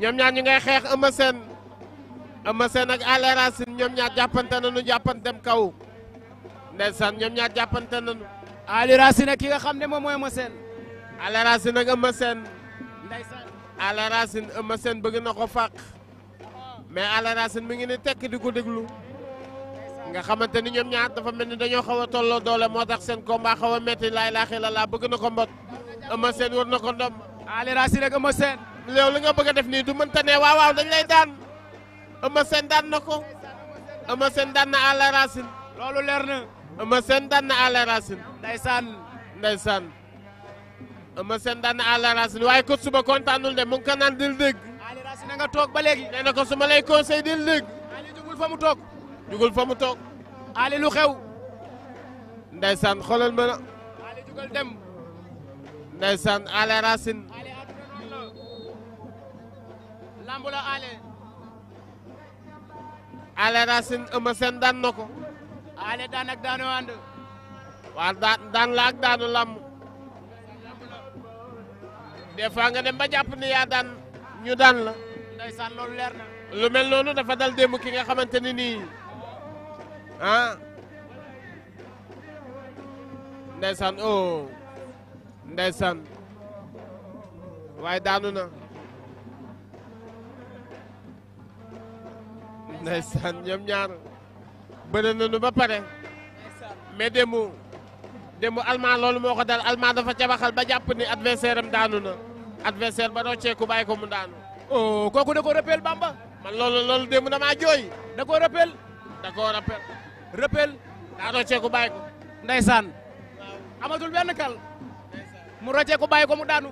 ñoom ñaar ñu ngay xeex Eumeu Sène Eumeu Sène ak Alé Racine ñoom ñaar jàppante nañu jàppante dem kaw san ñoom ñaar jàppante nañu. Alé Racine ak ki nga xam ne moom mooy Eumeu Sène. Alé Racine ak Eumeu Sène. ndeysaan Alé Racine Eumeu Sène bëgg na ko fàq mais Alé Racine mi ngi ni tekk di ko déglu. nga xamante ni ñoom ñaar dafa mel ni dañoo xaw a tolloo doole moo tax seen combat xaw a métti laay laaxi la laa bëgg na ko mbot Eumeu Sène war na ko ndom. Alé ak Eumeu yow li nga bëgg a def nii du mënta ne waaw waaw dañ lay daan Eumeu Sène daan na ko Eumeu Sène daan na Alla Racine loolu leer na Eumeu daan na Alla Racine ndeysaan ndeysaan Eumeu Sène daan na Alla Racine waaye ko suba de mu ngi ko naan dil dégg Alla Racine nga toog ba léegi nee ko su ma lay conseil dil jugul fa mu toog jugul fa mu toog Ali lu xew ndeysaan xoolal ma na Ali jugal dem ndeysaan lamb ale ale Racine Eumeu Sène ko ale daan ak daano ànd waaw daan daan daanu lamb des fois nga dem yaa daan ñu daan la ndeysaan loolu lu mel noonu dafa dal démb ki nga xamante ni nii ah ndeysaan oh ndeysaan waaye daanu na ndeysaan ñoom ñaar bëri nañu ba pare mais demu demu allemand loolu moo ko dal allemand dafa cabaxal ba jàpp ni adversaire am daanu na adversaire ba rocceeku bàyyi ko mu daanu oh kooku da ko rappel bamba man loolu loolu na maa jooy da ko rappel da ko rappel rappel daa rocceeku bàyyi ko amatul benn kal mu rocceeku bàyyi ko mu daanu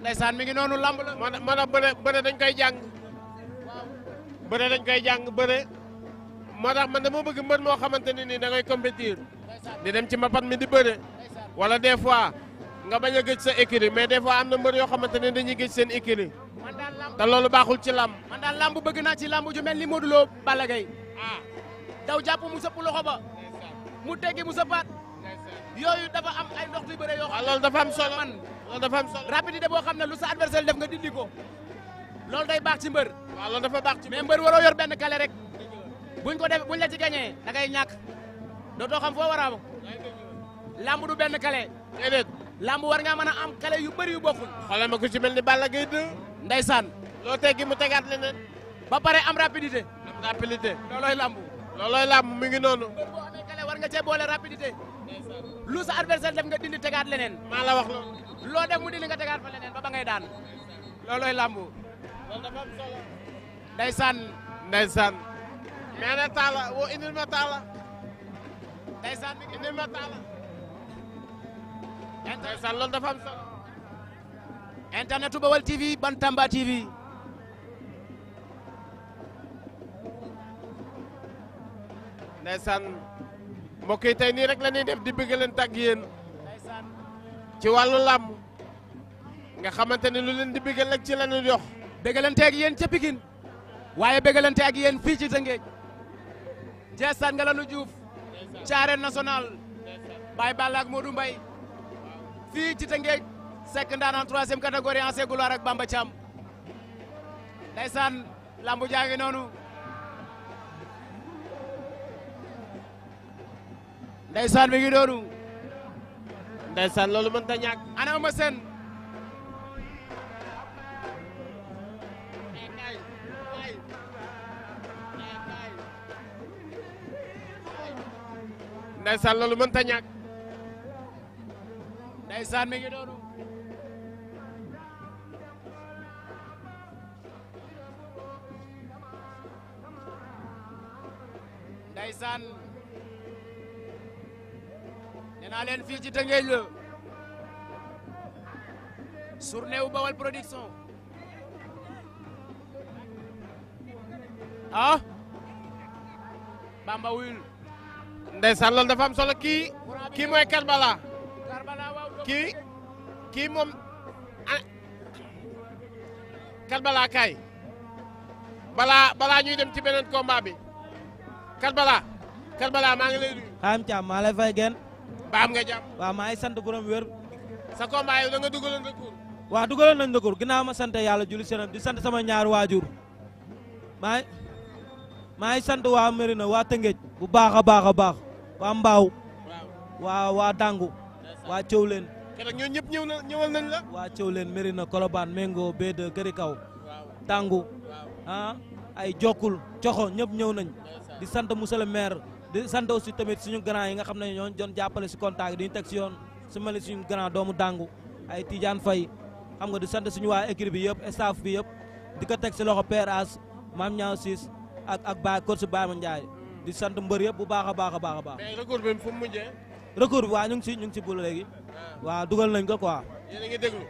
ndeysaan mi ngi noonu lamb la man a bëre bëre dañ koy jàng bëre dañ koy jàng bëre moo tax man dama bëgg mbër moo xamante ne nii da ngay compétir di dem ci mbapat mi di bëre wala des fois nga bañ a gëj sa écurie mais des fois am na mbër yoo xamante ne dañuy gëj seen écurie te loolu baaxul ci làmb man daal làmb bëgg naa ci làmb ju mel ni Modou Lo Balla Gaye ah daw jàpp mu sëpp loxo ba mu teggi mu sëppaat yooyu dafa am ay ndox yu bëre yoo ah, xam loolu dafa dafa am solo boo xam ne lu sa adversaire def nga dindi ko loolu day baax ci mbër. waaw loolu dafa baax ci mbër mais mbër waroo yor benn kale rek. buñ ko def buñ la ci gañee da ngay ñàkk dootoo xam foo war a lamb du benn kale. déedéet lamb war ngaa mën a am kale yu bëri yu bokkul. xoolal ma ku ci mel ni Balla Gaye 2. ndeysaan. loo teggi mu tegaat leneen. ba pare am rapidité. am rapidité loolooy lamb. loolooy lamb mi ngi noonu. boo war nga cee boole rapidité. lu sa adversaire def nga dindi tegaat leneen. maa la wax loolu. loo def mu dindi nga tegaat fa leneen ba ba ngay daan. loolooy lamb. ndeysaan ndeysaan mais nag taala woo indil ma taala ndeysaan indil ma taala ndeysaan solo internet u Baol TV Bantamba TV ndeysaan mbokk yi rek la ñuy def di bëgg leen ci wàllu làmb nga xamante ni lu leen di bëgg rek ci la ñuy bégalante ak yéen ca Pikine waaye bégalante ak yéen fii ci Tëngéej jeesaan nga lanu Diouf ci arène nationale Baye Balla ak fii ci Tëngéej sekk ndaanaan troisième catégorie ancien gloire ak Bamba Thiam ndeysaan noonu ndeysaan mi ngi noonu ndeysaan loolu mënta ñàkk ana Eumeu Sène ndaysaan loolu mënta ñàkk ndaysaan mi ngi doonu ndaysaan nee naa leen fii ci Tëngéej la journée wu Bawal production ah Bamba wuyul ndeysaan loolu dafa am solo kii kii mooy Karbala kii kii moom Karbala kaay balaa balaa ñuy dem ci beneen combat bi Karbala Karbala maa ngi lay nuyu. xayam Thiam maa lay fay genn. ba am nga jàmm. waaw maa ngi sant borom wér. sa combat yow da nga dugaloon recours. waaw dugaloon nañ recours ginnaaw ma sant yàlla julli seenam di sant sama ñaar waajur maa maa ngi sant waa Mérina waa Tëngéej bu baax a baax a baax waa Mbaaw waa waa Dangu waa Thiawlène. keroog ñooñu ñëpp ñëw na ñëwal nañ la. waa Thiawlène Mérina Colobane Mengo Bédé Gëri Kaw Dangu ah ay jokkul coxo ñëpp ñëw nañ di sant monsieur le maire di sant si tamit suñu grand yi nga xam ne ñoo doon jàppale si contact di ñu teg si yoon su mel ni suñu grand doomu Dangu ay Tidiane fay xam nga di sant suñu waa équipe bi yëpp staff bi yëpp di ko teg si loxo PRA maam ñaaw siis ak ak Baye coach Baye Ndiaye di sant mbër yëpp bu baax a baax a baax a baax. mais recours bi fu mu mujjee. recours bi waaw ñu ngi si ñu ngi si bul léegi. Ah. waaw dugal nañ ko quoi. yéen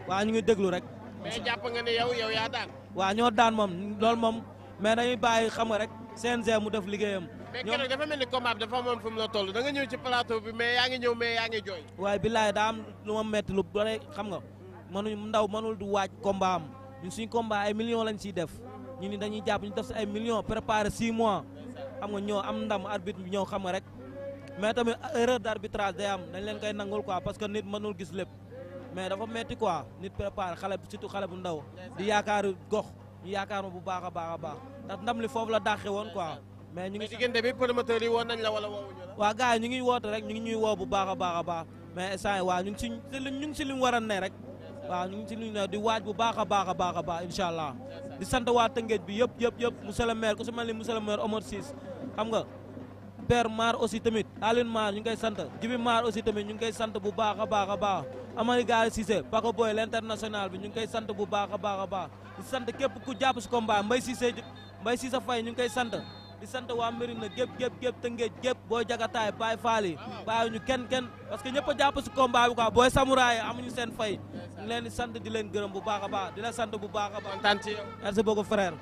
a ñu ngi déglu rek. mais jàpp nga ne yow yow yaa daan. waaw ñoo daan moom loolu moom mais dañuy bàyyi xam nga rek CNG mu def liggéeyam. mais keroog dafa mel ni combat bi dafa amoon fu mu la toll da nga ñëw ci plateau bi mais yaa ngi ñëw mais yaa ngi jooy. waaye billaay daa am lu ma metti lu bare xam nga mënuñ ndaw mënul di waaj combat suñu combat ay millions lañ ciy def ñu ni dañuy jàpp ñu def si ay millions préparé 6 mois xam nga ñoo am ndam arbitre bi ñoo xam nga rek mais tamit erreur d' arbitrage day am dañ leen koy nangul quoi parce que nit mënul gis lépp mais dafa metti quoi nit préparé xale surtout xale bu ndaw di yaakaar gox ñu yaakaar ma bu baax a baax a baax ndax ndam li foofu la dàqe woon quoi mais ñu ngi diggante bi promoteur yi woon nañ la wala woowuñu la waa gars yi ñu ngi woote rek ñu ngi ñuy woo bu baax a baax a baax mais instant waa ñu ngi si ñu ngi si li mu war a ne rek waaw ñu ngi ci nuyu di waaj bu baax a baax a baax a baax incha di sant waa Tëngéej bi yëpp yëpp yëpp monsieur le maire ku si mel ni monsieur le maire xam nga père Mar aussi tamit Aline Mar ñu ngi koy sant Jibi Mar aussi tamit ñu ngi koy sant bu baax a baax a baax Amari Gaari Cissé Paco Boy l'international bi ñu ngi koy sant bu baax a baax a baax di sant képp ku jàpp si combat Mbaye Cissé Mbaye Cissé Faye ñu ngi koy sant di sant waa Mérina gépp gépp gépp tëngéej gépp booy jagataay baay faal yi bàyyi ñu kenn kenn parce que ñëpp a jàpp si combat bi quoi booy seen fay ñu leen di sant di leen gërëm bu baax a baax di la sant bu baax a baax kontaan ci yow merci beaucoup frère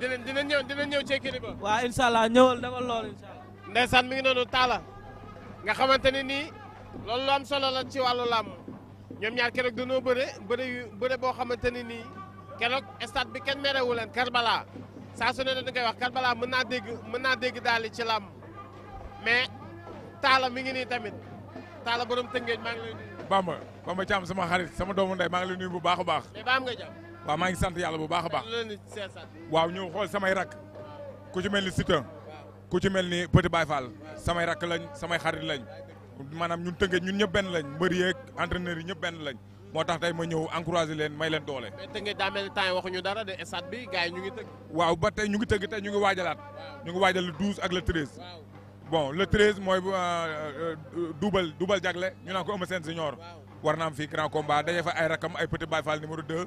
dina dina ñëw dina ñëw ci kii ba waaw incha allah ñëwal defal loolu incha allah ndeysaan mi ngi noonu taala nga xamante ne nii loolu lu am solo la ci wàllu lam ñoom ñaar keroog dañoo bëre bëre yu boo xamante ne nii keroog stade bi kenn merewu leen Karbala saa su ne dañu koy wax Karbala mën naa dégg mën naa dégg daal di ci làmb mais taala mi ngi nii tamit taala borom tëngeej maa ngi lay nuyu. Bamba Bamba Thiam sama xarit sama doomu ndey maa ngi lay nuyu bu baax a baax. mais nga maa ngi sant yàlla bu baax a baax. waaw ñëw xool samay rak ku ci mel ni Siteu ku ci mel ni Petit Baye Fall samay rak lañ sama xarit lañ maanaam ñun tëngeej ñun ñëpp benn lañ mbër yeeg entraîneur yi ñëpp benn lañ. moo tax tey ma ñëw encouragé leen may leen doole. mais tënkee daa mel ni temps yi dara de stade bi gars ngi tëgg. waaw ba te ñu ngi tëgg tey ñu ngi waajalaat. ñu ngi waajal le 12 ak le 13. bon le 13 mooy euh, euh, euh, duubal duubal jagle ñu naan ko Eumeu Sène Junior. war na am fii grand combat daje fa ay rakam ay petit Baye Fall numéro 2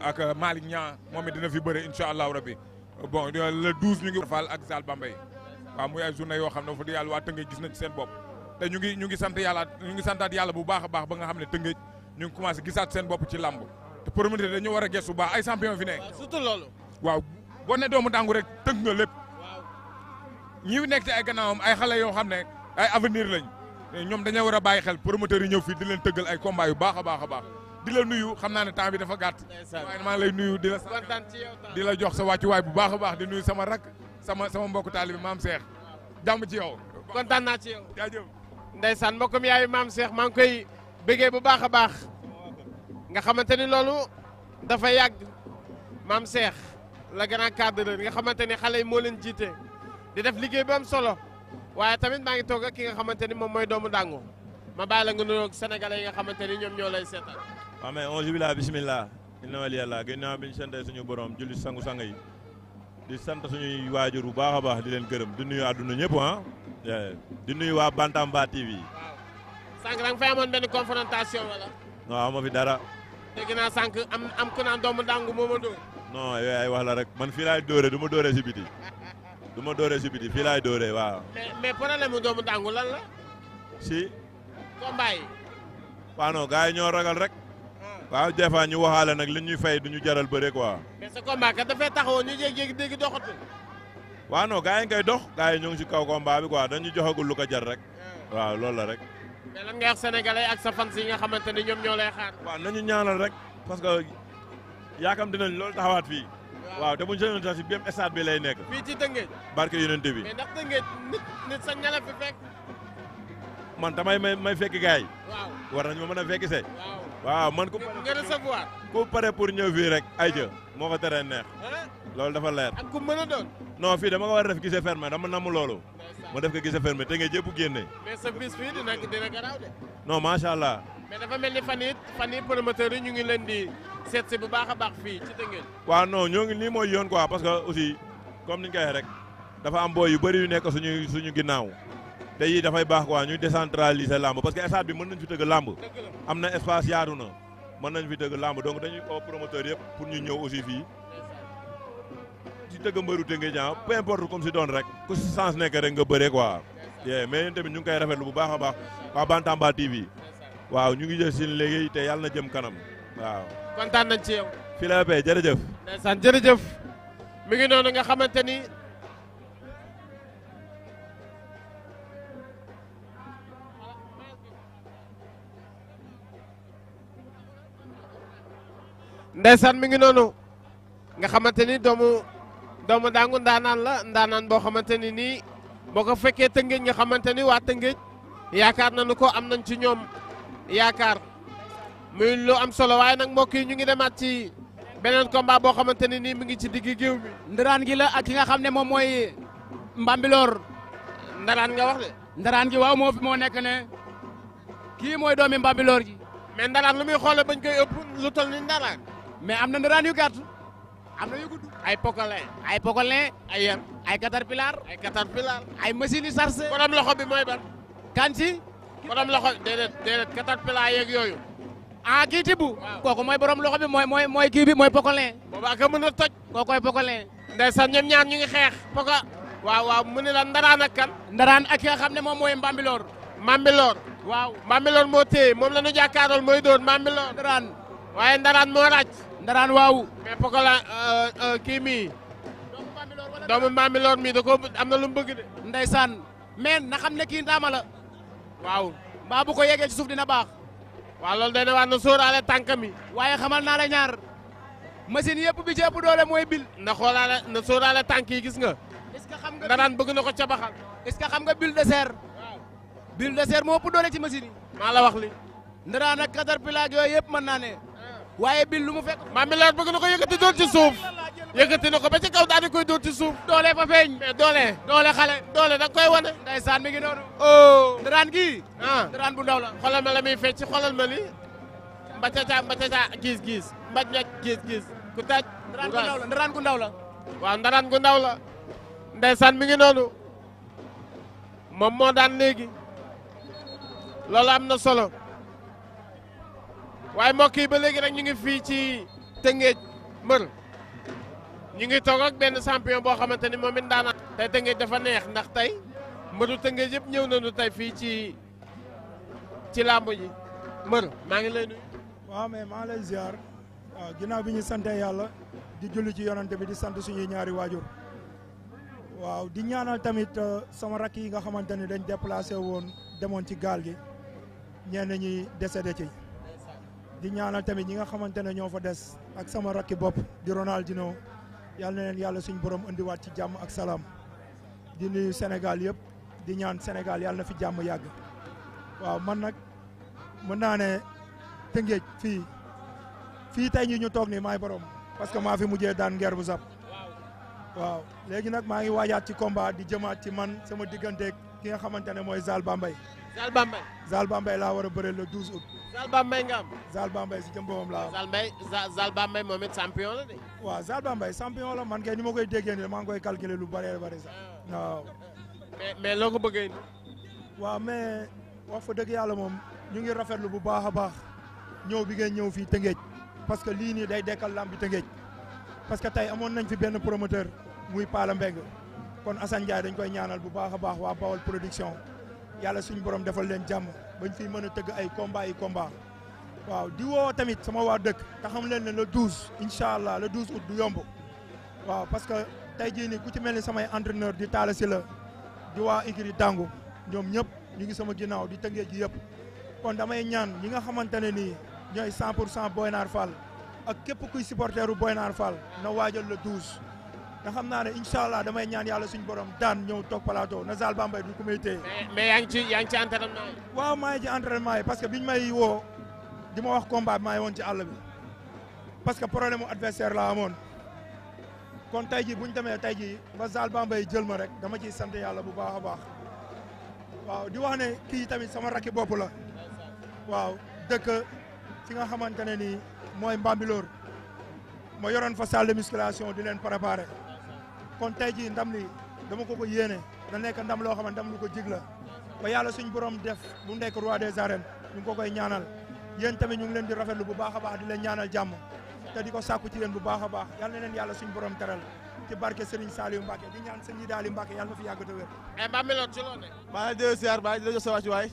ak Malick Niang moom it dina fi bëre incha allahu rabi bon le 12 ñu ngi. Fall ak Zal Bambey waaw muy ay journée yoo xam ne fa di yàlla waa Tëngéej gis nañ seen bopp te ñu ngi sant yàlla ñu ngi santaat yàlla bu baax a baax ba nga xam ne Tëngéej ñu ngi commencé gisaat seen bopp ci làmb te promoteur dañu war a gëstu baax ay champion fi nekk. waaw boo ne doomu dàngu rek tënk nga lépp. ñi nekk ci ay gannaawam ay xale yoo xam ne ay avenir lañ ñoom dañoo war a bàyyi xel promoteurs yi ñëw fii di leen tëggal ay combat yu baax a baax a baax di la nuyu xam naa ne temps bi dafa gàtt. waaye maa lay nuyu di la. di la jox sa waay bu baax a baax di nuyu sama rak sama sama mbokku taalibi maam Cheikh jàmm ci yow. kontaan naa ci yow. jaajëf ndeysaan bëggee bu baax a baax nga xamante ni loolu dafa yàgg maam Cheikh la grand cadreur nga xamante ni xale yi moo leen jiite di def liggéey bu am solo waaye tamit maa ngi toog ak ki nga xamante ni moom mooy doomu dàngu ma bàyyi la nga nuyoog sénégalais xamante ni ñoom ñoo lay seetal. waaw mais on jubila bismillah inna wali yàlla ginnaaw bi ñu santee suñu borom julli sangu-sang yi di sant suñuy waajur bu baax a baax di leen gërëm di nuyu àdduna ñëpp ah di nuyu waa Bantamba TV. sànq da nga fay amoon benn confrontation wala. non amoo fi dara. dégg naa sànq am am ku naan doomu dàngu moo ma dóor. non yooyu wax la rek man fii laay dóoree du ma dóoree si biti du ma dóoree si biti fii laay dóoree waaw. mais mais problème mu doomu lan la. si. combat yi. waaw yi ñoo ragal rek. waaw des fois ñu waxaale nag li ñuy fay du ñu jaral bare quoi. mais sa combat kat dafay taxawoon ñu jékki-jékki dégg doxatul. waaw yi ngay dox gars yi ñu si kaw combat bi quoi dañu joxagul lu ko jar rek. Hmm. waaw loolu la rek. mais lan nga wax sénégalais ak sa fans yi nga xamante ni ñoom ñoo lay xaar. waaw nañu ñaanal rek parce que yaakam dinañ loolu taxawaat fii. waaw te mu ñu seetlu sax si biir stade bi lay nekk. fii ci Tëngéej. barke yonent bi. mais ndax Tëngéej nit nit sañ na la fi man damay may may fekk gars yi. war nañ ma man a fekk see. waaw man ku. nga pare pour ñëw fii rek. ay jë moo ko tere neex. loolu dafa leer. ak ku mën a doon. non fii dama ko war a def gisee fermé dama namm loolu. ma def ko gisee fermé te nga jëpp génne. mais sa bis non macha allah. mais dafa mel ni fan yii fan yii promoteurs yi ñu ngi leen di seet si bu fii ci Tëngéej. waaw non ñoo ngi nii mooy yoon quoi parce que aussi comme ni ñu koy rek dafa am booy yu bëri yu nekk suñu suñu ginnaaw. te yii dafay baax quoi ñu décentraliser lamb parce que stade bi mën nañ fi tëgg lamb. am na espace yaatu na mën nañ fi tëgg lamb donc dañuy oo promoteur yëpp pour ñu ñëw aussi fii si tëgg mbëru Tëngéej ah peu importe comme si doon rek ku si sens nekk rek nga bëree quoi mais yéen tamit ñu ngi koy rafetlu bu baax a baax waa Bantamba TV waaw ñu ngi jël si liggéey te yàlla na jëm kanam waaw. kontaan nañ ci yow. fii la paix jërëjëf. ndeysaan jërëjëf mi ngi noonu nga xamante ni. mi ngi noonu doomu. doomu daangu daanaan la ndaanaan boo xamante ni nii boo ko fekkee tëngéej nga xamante ni waa tëngéej yaakaar nañu ko am nañ ci ñoom yaakaar muy lu am solo waaye nag mbokk yi ñu ngi demaat ci beneen combat boo xamante ni nii mu ngi ci digg géew bi. ndaraan gi la ak ki nga xam ne moom mooy Mbambilor. ndaraan nga wax de. daraan gi waaw moo fi moo nekk ne kii mooy doomi Mbambilor gi. mais ndaraan lu muy xoolee bañ koy ëpp lu toll ni ndaraan. mais am na ndaraan yu gàtt ay pokolin ay pokolin ay ay caterpillar ay caterpillar machine yu sarse borom loxo bi mooy ban kan si borom loxo déedéet déedéet caterpillar yeeg yooyu ah kii tibb mooy borom loxo mooy mooy mooy kii bi mooy pokolin boobaa ka mën a toj kookoy pokolin ndeysaan ñaar ñu ngi xeex poka waaw waaw mu ne la ndaraan ak kan ndaraan ak ki xam ne moom mooy mbambiloor mbambiloor waaw mbambiloor moo téye moom la ñu mooy dóor mbambiloor waaye ndaraan moo ràcc ndaraan waaw mais Pokola euh, euh, kii mii doomu Bambilor mii da ko am na lu mu bëgg de. ndeysaan mais na xam ne kii ndaama la. waaw mbaa bu ko yegee ci suuf dina baax. waa loolu day ne war na sóoraale tànk mi. waaye xamal naa la ñaar machine yëpp bi ci ëpp doole mooy bil. na xoolaale na sóoraale tànk yi gis nga. est-ce que xam nga ndaraan bëgg na ko cabaxal. est-ce que xam nga bil de serre. waaw bil de moo ëpp doole ci machine yi. maa la wax li ndaraan ak caterpillar yooyu yëpp mën naa ne. waaye bil lu mu fekk Mame Milane bëgg na ko yëkkati dóor ci suuf yëkkati na ko ba ci kaw daal di koy dóor ci suuf doole fa feeñ mais doole doole xale doole da koy wane ndeysaan mi ngi noonu oh ndaraan gii ah ndaraan bu ndaw la xoolal ma la muy fecc xoolal ma li mbacaca mbacaca gis gis mbaj ñaj gis gis ku taaj ndaraan gu ndaw la waaw ndaraan gu ndaw la ndeysaan mi ngi noonu moom moo daan léegi loolu am na solo waaye mbokk yi ba léegi rek ñu ngi fii ci Tëngéej mbër ñu ngi toog ak benn champion boo xamante ni moom it daana tey Tëngéej dafa neex ndax tey mbëru Tëngéej yëpp ñëw nañu tey fii ci ci làmb ji mër maa ngi lay nuyu. waaw mais maa lay ziar waaw ginnaaw bi ñu sante yàlla di julli ci yonante bi di sant suñuy ñaari waajur waaw di ñaanal tamit euh, sama rakk yi nga xamante ni dañ déplacé woon demoon ci gaal gi ñenn ñuy décédé ci. di ñaanal tamit ñi nga xamante ne ñoo fa des ak sama rakki bopp di Ronaldinho yal na leen yàlla suñu borom indiwaat ci jàmm ak salaam di nuyu Sénégal yëpp di ñaan Sénégal yàlla na fi jàmm yàgg waaw man nag mën naa ne Tëngéej fii fii tey ñi ñu toog nii maay borom parce que maa fi mujjee daan ngeer bu sap waaw léegi nag maa ngi waajaat ci combat di jëmaat ci man sama digganteeg ki nga xamante ne mooy Zal Bambay Zal Bambey. Zal Bambey laa war a bëre le 12 août. Zal Bambey nga am. si jëm boobam laa am. Zal Bambey Zal Bambey moom it champion la de. waaw Zal Bambey champion man kay ni ma koy déggee nii maa ngi koy calculer lu bëree bëri sax ah. waaw. mais mais loo ko bëggee nii. waaw mais wax fa dëgg yàlla moom ñu ngi rafetlu bu baax a baax ñëw bi ngeen ñëw fii Tëngéej parce que lii nii day dekkal lamb bi Tëngéej parce que tey amoon nañ fi benn promoteur muy Pala Mbeng kon Assane Ndiaye dañ koy ñaanal bu baax a baax waa Bawol production. yàlla suñu borom defal leen jàmm bañ fiy mën a tëgg ay combat yi waaw di woo tamit sama waa dëkk te xam leen ne le 12 incha allah le 12 août du yomb waaw parce que tey jii nii ku ci mel ni samay entraîneur di taala si la di waa Ikiri Dangu ñoom ñëpp ñu ngi sama ginnaaw di tëngee ji yëpp kon damay ñaan ñi nga xamante ne nii ñooy 100 pour cent Boy Nar Fall ak képp kuy supporteru Boy Nar Fall na waajal le douse te xam naa ne incha allah damay ñaan yàlla suñu borom daan ñëw toog plateau na Zal Bambey du ko may téye. mais yaa ngi ci yaa ngi waaw maa ngi ci entraînement parce que biñ may woo di ma wax combat bi maa ngi woon ci àll bi parce que problème mu adversaire la amoon kon tey jii buñu ñu demee tey jii ba Zal Bambey jël ma rek dama ciy sant yàlla bu baax a baax waaw di wax ne kii tamit sama rakki bopp la waaw dëkk fi nga xamante ne nii mooy Mbambilor ma yoroon fa salle de musculation di leen préparer. kon te jii ndam li dama ko ko yéene da nekk ndam loo xam ne ndam lu ko jig la ba yàlla suñ borom def bu nekk roi des arènes ñu ngi ko koy ñaanal yéen tamit ñu ngi leen di bu baax a baax di leen ñaanal jàmm te ko sàkku ci leen bu baax a baax yal na leen yàlla suñ borom teral ci barke Serigne Saliou Mbacke di ñaan sëñ yi daal di Mbacke yàlla na fi yàgg te wér. mais eh, Bambilor ci baa di la waay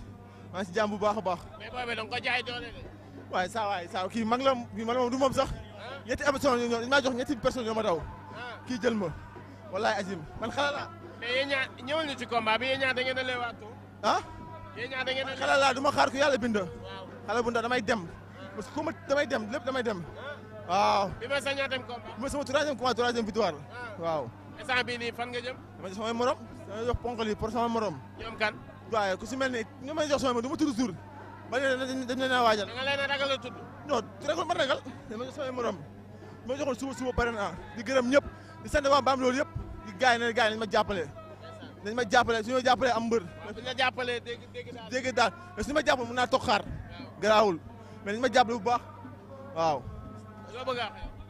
maa ngi bu baax a baax. mais booy bi da nga ko jaay doole de. waaye saa waay saa kii mag la kii wallaay azim man xale laa. mais yéen ñaar ñëwal ñu ci da ngeen a leewaatoo. ah. da ngeen a xale laa du ma xaar ku yàlla bind. waaw xale bu ndaw damay dem. parce que ma damay dem lépp damay dem. Ah. waaw. bi ma sa ma sama troisième combat troisième victoire. Ah. waaw. instant bii nii fan nga jëm. dama jox samay morom. dama jox ponk lii sama morom. ñoom kan. waaye ku si mel ni ñu may jox samay morom du ma tudd tur. ba léegi a waajal. da a a tudd. non ragal ma ragal. dama jox samay morom. ma joxoon suba suba pare naa di gërëm ñëpp di sant waa Bambilor yëpp di gars yi ne gars nañ ma jàppale nañ ma jàppale suñu ma jàppalee am mbër dégg daal mais suñu ma mu mën naa toog xaar garaawul mais nañ ma jàppale bu baax waaw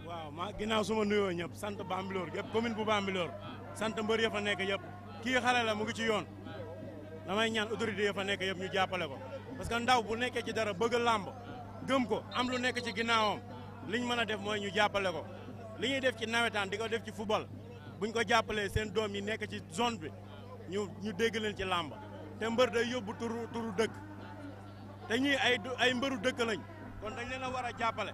waaw ma ginnaaw suma nuyoo ñëpp sant Bambilor yëpp commune bu Bambilor sant mbër ya fa nekk yëpp kii xale la mu ngi ci yoon damay ñaan autorité ya fa nekk yëpp ñu jàppale ko parce que ndaw bu nekkee ci dara bëgg làmb gëm ko am lu nekk ci ginnaawam liñ mën a def mooy ñu jàppale ko li ñuy def ci nawetaan di ko def ci bu buñ ko jàppalee seen doom yi nekk ci zone bi ñu ñu dégg leen ci làmb te mbër day yóbbu tur tur dëkk te ñii ay ay mbëru dëkk lañ kon dañ leen a war a jàppale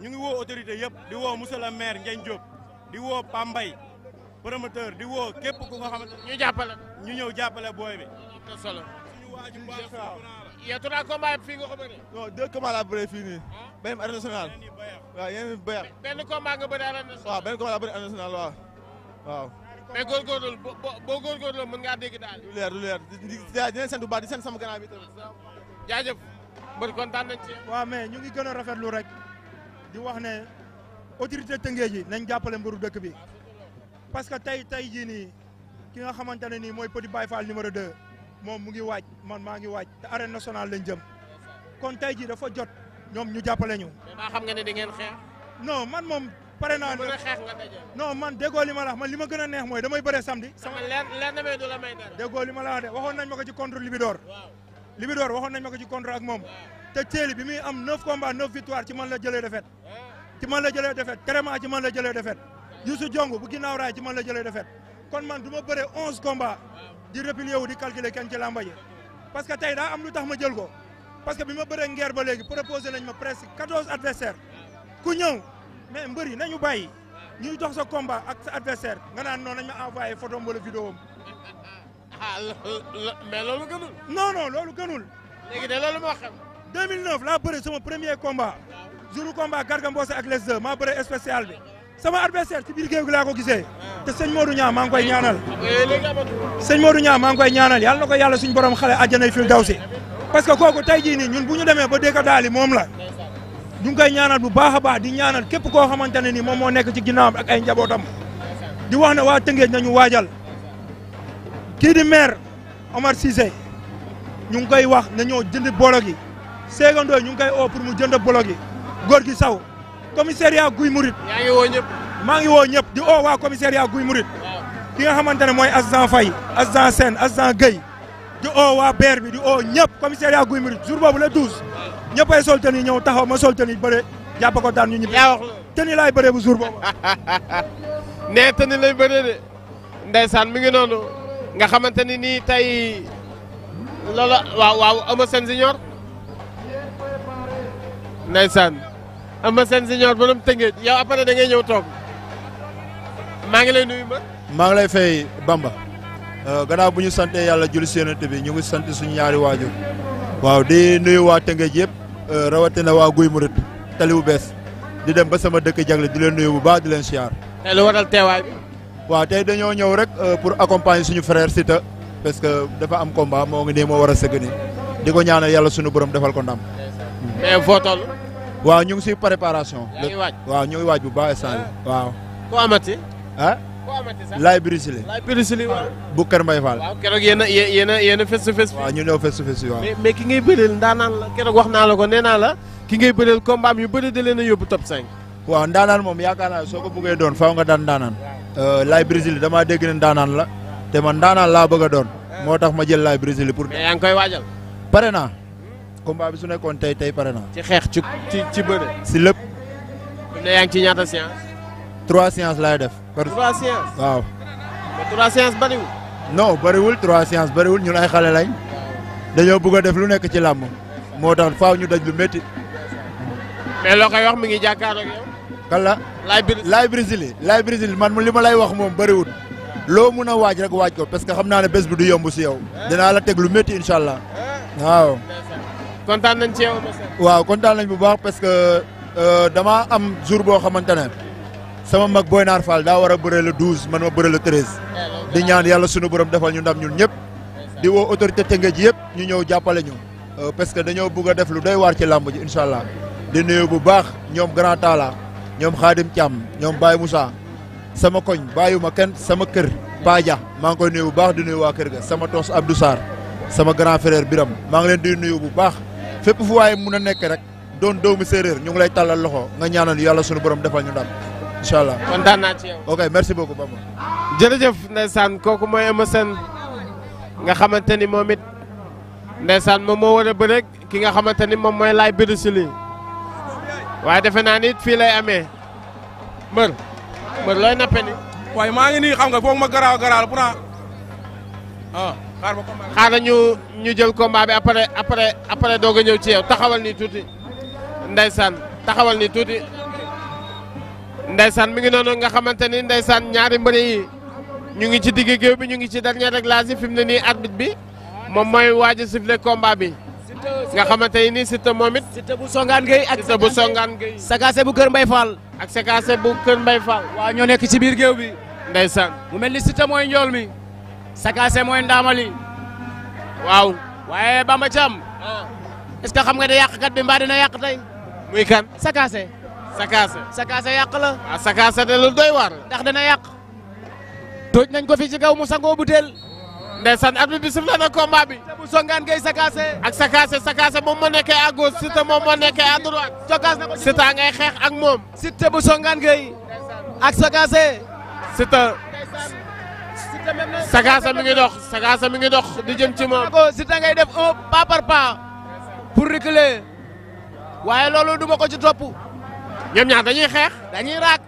ñu ngi woo autorité yëpp di woo monsieur la maire Ndiagne Diop di woo Pambay promoteur di woo képp ku nga xamante ñu jàppale ñu ñëw jàppale booy bi. solo suñu waaju baax y' a trois combats yëpp fii nga ko bëree. non deux combats laa bëree fii nii. Ah. benn arène nationale. benn combat nga bëri arène nationale. waaw benn combat laa bëri arène nationale waaw waaw. mais góorgóorlu boo boo góorgóorlu mën ngaa dégg daal. du leer du leer di di seen bu baax di seen sama gànnaaw bi tamit. jaajëf kontaan nañ ci. waaw mais ñu ngi gën a rafetlu rek di wax ne autorité Tëngéej ji nañ jàppale mbëru dëkk bi parce que tey tey jii nii ki nga xamante ne nii mooy Petit Baye Fall numéro moom mu ngi waaj man maa ngi waaj te arène nationale lañ jëm kon tey jii dafa jot ñoom ñu jàppale ñu. mais ne di ngeen xeex. non man moom pare naa. bu xeex nga daje. man déggoo li ma la wax man li ma gën a neex mooy damay bëre samedi. sama leer leer na may du la déggoo li ma la wax de waxoon nañ ma ko ci contre Libidor. waaw Libidor waxoon nañ ma ko ci contre ak moom. te Thiel bi muy am 9 combats 9 victoire ci man la jëlee défaite. Ah. ci man la jëlee défaite Kéréma ci man la jëlee défaite. Youssou Diongo bu ginnaaw raay ci man la jëlee défaite kon man du ma bëree 11 combats. Ah. di replier wu di calculer kenn ci làmba ji parce que tey daa am lu tax ma jël ko parce que bi ma bëree ngeer ba léegi proposé nañ ma presque quatorze adversaires ku ñëw mais mbër yi nañu bàyyi ñuy dox sa combat ak sa adversaire nga naan noonu nañ ma envoyé photo wala vidéo am. ah mais loolu gënul. non loolu gënul. léegi de loolu moo xam. 2009 laa bëre sama premier combat jour combat Garga Mbossé ak les deux maa bëre spécial bi. sama adversaire ci biir géew gi laa ko gisee te sëñ Modou Niang maa ngi koy ñaanal sëñ Modou Niang maa ngi koy ñaanal yàlla na ko yàlla suñu borom xale àjjanay fil daw si parce que kooku tey jii nii ñun bu ñu demee ba dëkk daali moom la ñu ngi koy ñaanal bu baax a baax di ñaanal képp koo xamante ne ni moom moo nekk ci ginnaawam ak ay njabootam di wax ne waa Tëngéej nañu waajal kii di maire Omar Cissé ñu ngi koy wax na ñoo jënd bolo gi Séga Ndoye ñu ngi koy oo pour mu jënd bolo gi góor gi saw commissariat Guy Mouride. yaa ñëpp. maa ngi woo ñëpp di Guy murit ki nga xamante ne mooy assistant fay assistant Sène assistant Guèye di oo waa beer bi di oo ñëpp commissariat Guy Mouride jour boobu la 12. ñëpp ay soltani yi ñëw taxaw ma soltani yi bëre jàpp ko daan ñu ñibbi. yaa wax la tëni laay bëree bu jour boobu. nee tëni lay bëree de ndeysaan mi ngi noonu nga xamante ni nii tey loola waaw waaw Eumeu Sène Junior Eumeu Sène Junior borom Tëngéej yow après da ngay ñëw toog maa ngi lay nuyu maa ngi lay fay Bamba. Euh, gannaaw bu ñu sante yàlla julli si yonent bi ñu ngi sant suñu ñaari waajur waaw di nuyu waa Tëngéej yëpp euh, rawatina waa Guy Murit tali wu bees di dem ba sama dëkk jagle di leen nuyu bu baax di leen siyaar. tey lu waral teewaay bi. tey dañoo ñëw rek euh, pour accompagner suñu frère sita parce que dafa am combat moo ngi nii moo war a sëgg nii di ko ñaanal yàlla suñu borom defal ko ndam. mais foo waaw ñu ngi si préparation. yaa ngi waaj waaw ñu ngi waaj bu baax instant ah. waaw. ku amati. ah. ku amati sax Laye Birisili. Laye Birisili waaw. bu Kër Mbaye Fall. waaw keroog yéen a yéen a yéen waaw ñu ñëw fës fës waaw. mais ki ngay bëreel ndaanaan la naa la ko nee naa la ki ngay bëreel combat am yu bëri leen a yóbbu top 5. waaw ndaanaan moom yaakaar naa soo ko bëggee doon faaw nga daan ndaanaan. Euh, Laye Birisili damaa dégg ne ndaanaan la. te man ndaanaan laa bëgg a doon. Ah. moo tax ma jël Laye Birisili pour. mais yaa ngi koy waajal. pare naa combat bi su nekkoon tey tey pare naa. ci xeex ci ci ci bëre. si lépp. kon yaa ngi ci ñaata trois séances laay def. par trois séances waaw. bariwul. non bariwul bariwul ñun ay xale lañ. dañoo bëgg def lu nekk ci làmb. moo tax faaw ñu daj lu métti. mais loo koy wax mi ngi jàkkaarloo ak yow. kan la laay brésil laay brésil man li ma lay wax moom bariwul. loo mun a waaj rek waaj ko parce que xam naa ne bés bi du yomb si yow. Eh? la teg lu métti incha allah eh? waaw. kontaan nañ ci waaw kontaan nañ bu baax parce que euh, damaa am jour boo xamante ne sama mag Boy Naar Fall daa war a bëre le 12 man ma bëre le 13. di ñaan yàlla sunu borom defal ñu ndam ñun ñëpp. di woo autorité Tëngéej yëpp ñu ñëw jàppale ñu. Euh, parce que dañoo bëgg a def lu doy waar ci làmb ji incha allah di nuyu bu baax ñoom Grand Talla ñoom Khadim Thiam ñoom Baye Moussa sama koñ bàyyiwuma kenn sama kër Paja maa ngi koy nuyu bu baax di nuyu waa kër ga sama toos Abdou Sarr sama grand Biram maa ngi di nuyu bu baax. fépp fu waaye mun a nekke rek doon doomu séeréer ñu ngi lay tàllal loxo nga ñaanal yàlla sunu borom defal ñu ndam incha allah. kontaan naa ci yow. ok merci beaucoup jërëjëf ndeysaan kooku mooy Eumeu nga xamante ni moom it ndeysaan moom moo war a bëre ki nga xamante ni moom mooy Laye Bruce Lee waaye defe naa nit fii lay amee mbër mbër looy nappe ni waaye maa ngi nii xam nga foog ma garaaw garaaw pour ah. xaar ñu ñu jël combat bi après après après doog a ñëw ci yow taxawal ni tuuti ndaysaan taxawal ni tuuti ndeysaan mi ngi noonu nga xamante ni ndeysaan ñaari mbëri ñu ngi ci digg géew bi ñu ngi ci dernier réglage yi fi mu ne nii arbitre bi moom mooy waaj a siffler combat bi nga xamante ni nii Siteu moom it. Siteu songaan Gueye ak Siteu bu songaan Gueye. Sakaase bu Kër Mbaye Fall. ak Sakaase bu Kër Mbaye Fall. ñoo nekk ci biir géew bi. ndeysaan mu mel ni Siteu mi. Sakase mooy Ndamali waaw. waaye Bamba Thiam. Oh. est que xam nga ne yàqkat bi mbaa na yàq tey. muy kan Sakase. Sakase Sakase yàq la. waaw ah, Sakase de lu doy waar. ndax na yàq. tooj nañ ko fi ci kaw mu sangoo butéel. ndeysaan at bi bisif la na combat bi. te bu songaan ngay ak Sakase moom moo nekkee à gauche Siteu moom moo nekkee à droite. Sokase ngay xeex ak moom. Siteu bu songaan ngay. ak Sakase. Sagasa mi ngi dox Sagasa mi ngi dox di jëm ci moom. Siteu ngay def un pas par pas pour reculer waaye loolu duma ko ci topp. ñoom ñaar dañuy xeex. dañuy raak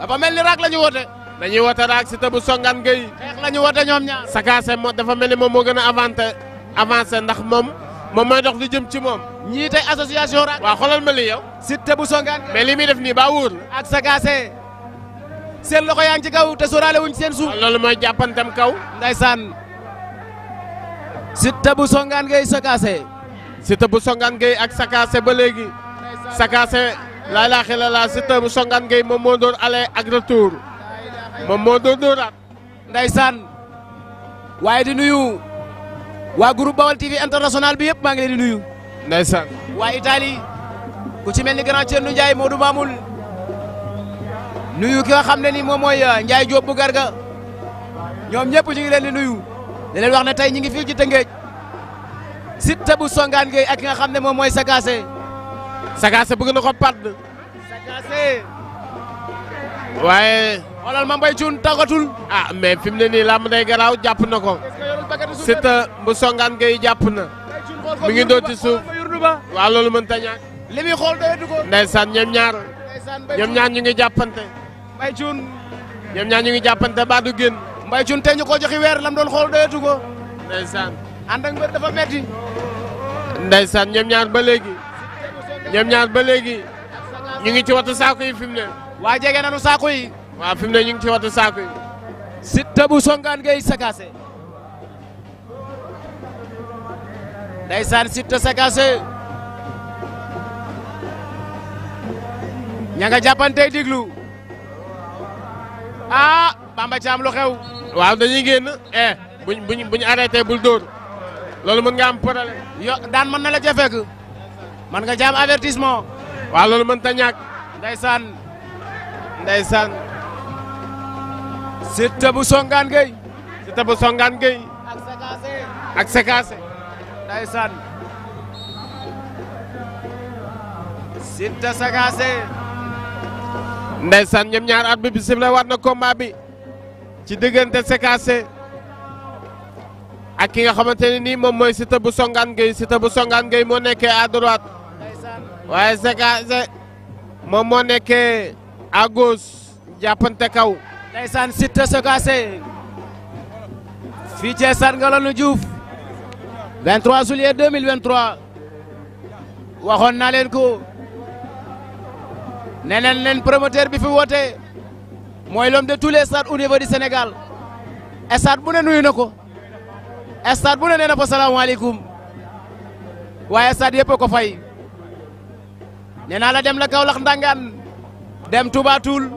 dafa mel ni raak la ñu woote. dañuy woote raak Siteu bu songaan gay xeex la ñu woote ñoom ñaar. Sagasa moo dafa mel ni moom moo gën a avancer avancer ndax moom moom mooy dox di jëm ci moom. ñii tey association raak. waaw xoolal ma li yow. Siteu bu songaan. mais li def nii ba wóor. ak Sagasa. seen loxo yaa ngi ci kaw te sóoraale wuñ seen suuf. loolu mooy jàppantam kaw. ndaysaan Siteu bu songaan ngay sakaase. Siteu bu songaan ngay ak sakaase ba léegi. sakaase laa laa xila laa Siteu songaan ngay moom moo doon aller ak retour. moom waaye di nuyu waa groupe Bawal TV international bi yëpp maa ngi leen di nuyu. ndaysaan waa Italie ku ci mel ni grand Thierno Ndiaye Modou Mamoul. nuyu ki nga xam ne ni moom mooy euh, Ndiaye Diop bu Garga ñoom ñëpp ñu ngi leen di nuyu di leen wax ne tey ñu ngi fii ci Tëngéej Siteu bu Songane Gueye ak ki nga xam ne moom mooy Sagacé Sagacé bëgg na ko pàdd Sagacé waaye xoolal ma mbay cuun tàggatul ah mais fi mu ne nii làmb day garaaw jàpp na ko Siteu bu Songane Gueye jàpp na mi ngi doon ci suuf waaw loolu mënta ñàkk li muy xool doyatu ko ndeysaan ñoom ñaar ñoom ñaar ñu ngi jàppante Mbaye Thioune ñoom ñaar ñu ngi jàppante ba du génn Mbaye Thioune tey ñu ko weer lam doon xool doyatu ko ndeysaan ànd ak mbër dafa metti ndeysaan ñoom ñaar ba léegi ñoom ñaar ba léegi ñu ngi ci watu saako yi fim mu ne waa jege nanu saako yi waa fi ne ñu ngi ci watu saako yi Siteu bu songaan ngay sakaase ndeysaan Siteu sakaase ña nga jàppante diglu ah Bamba Thiam lu xew. waaw dañuy génn eh buñ buñ buñ arrêté bul dóor loolu mën nga am yo daan mën na la ca man nga ci am avertissement. waaw loolu mën ta san ndeysaan ndeysaan. Siteu bu songaan gay. Siteu bu songaan gay. ak sekaase. ak sekaase. ndeysaan. Siteu ndeysaan ñoom ñaar at bi bi sifle waat na combat bi ci diggante Sekase ak ki nga xamante ne nii moom mooy Siteu bu Songane Gueye Siteu bu Songane Gueye moo nekkee à droite waaye Sekase moom moo nekkee à gauche jàppante kaw. ndeysaan Siteu Sekase fii ci stade Ngalandou Diouf 23 waxoon naa leen ko. ne leen leen promoteur bi fi wootee mooy l'homme de tous les stades au niveau Sénégal stade bu ne nuyu na ko stade bu ne nee na ko salaamaaleykum waaye stade yëpp a ko fay nee naa la dem la Kaolack ndangaan dem Touba Toul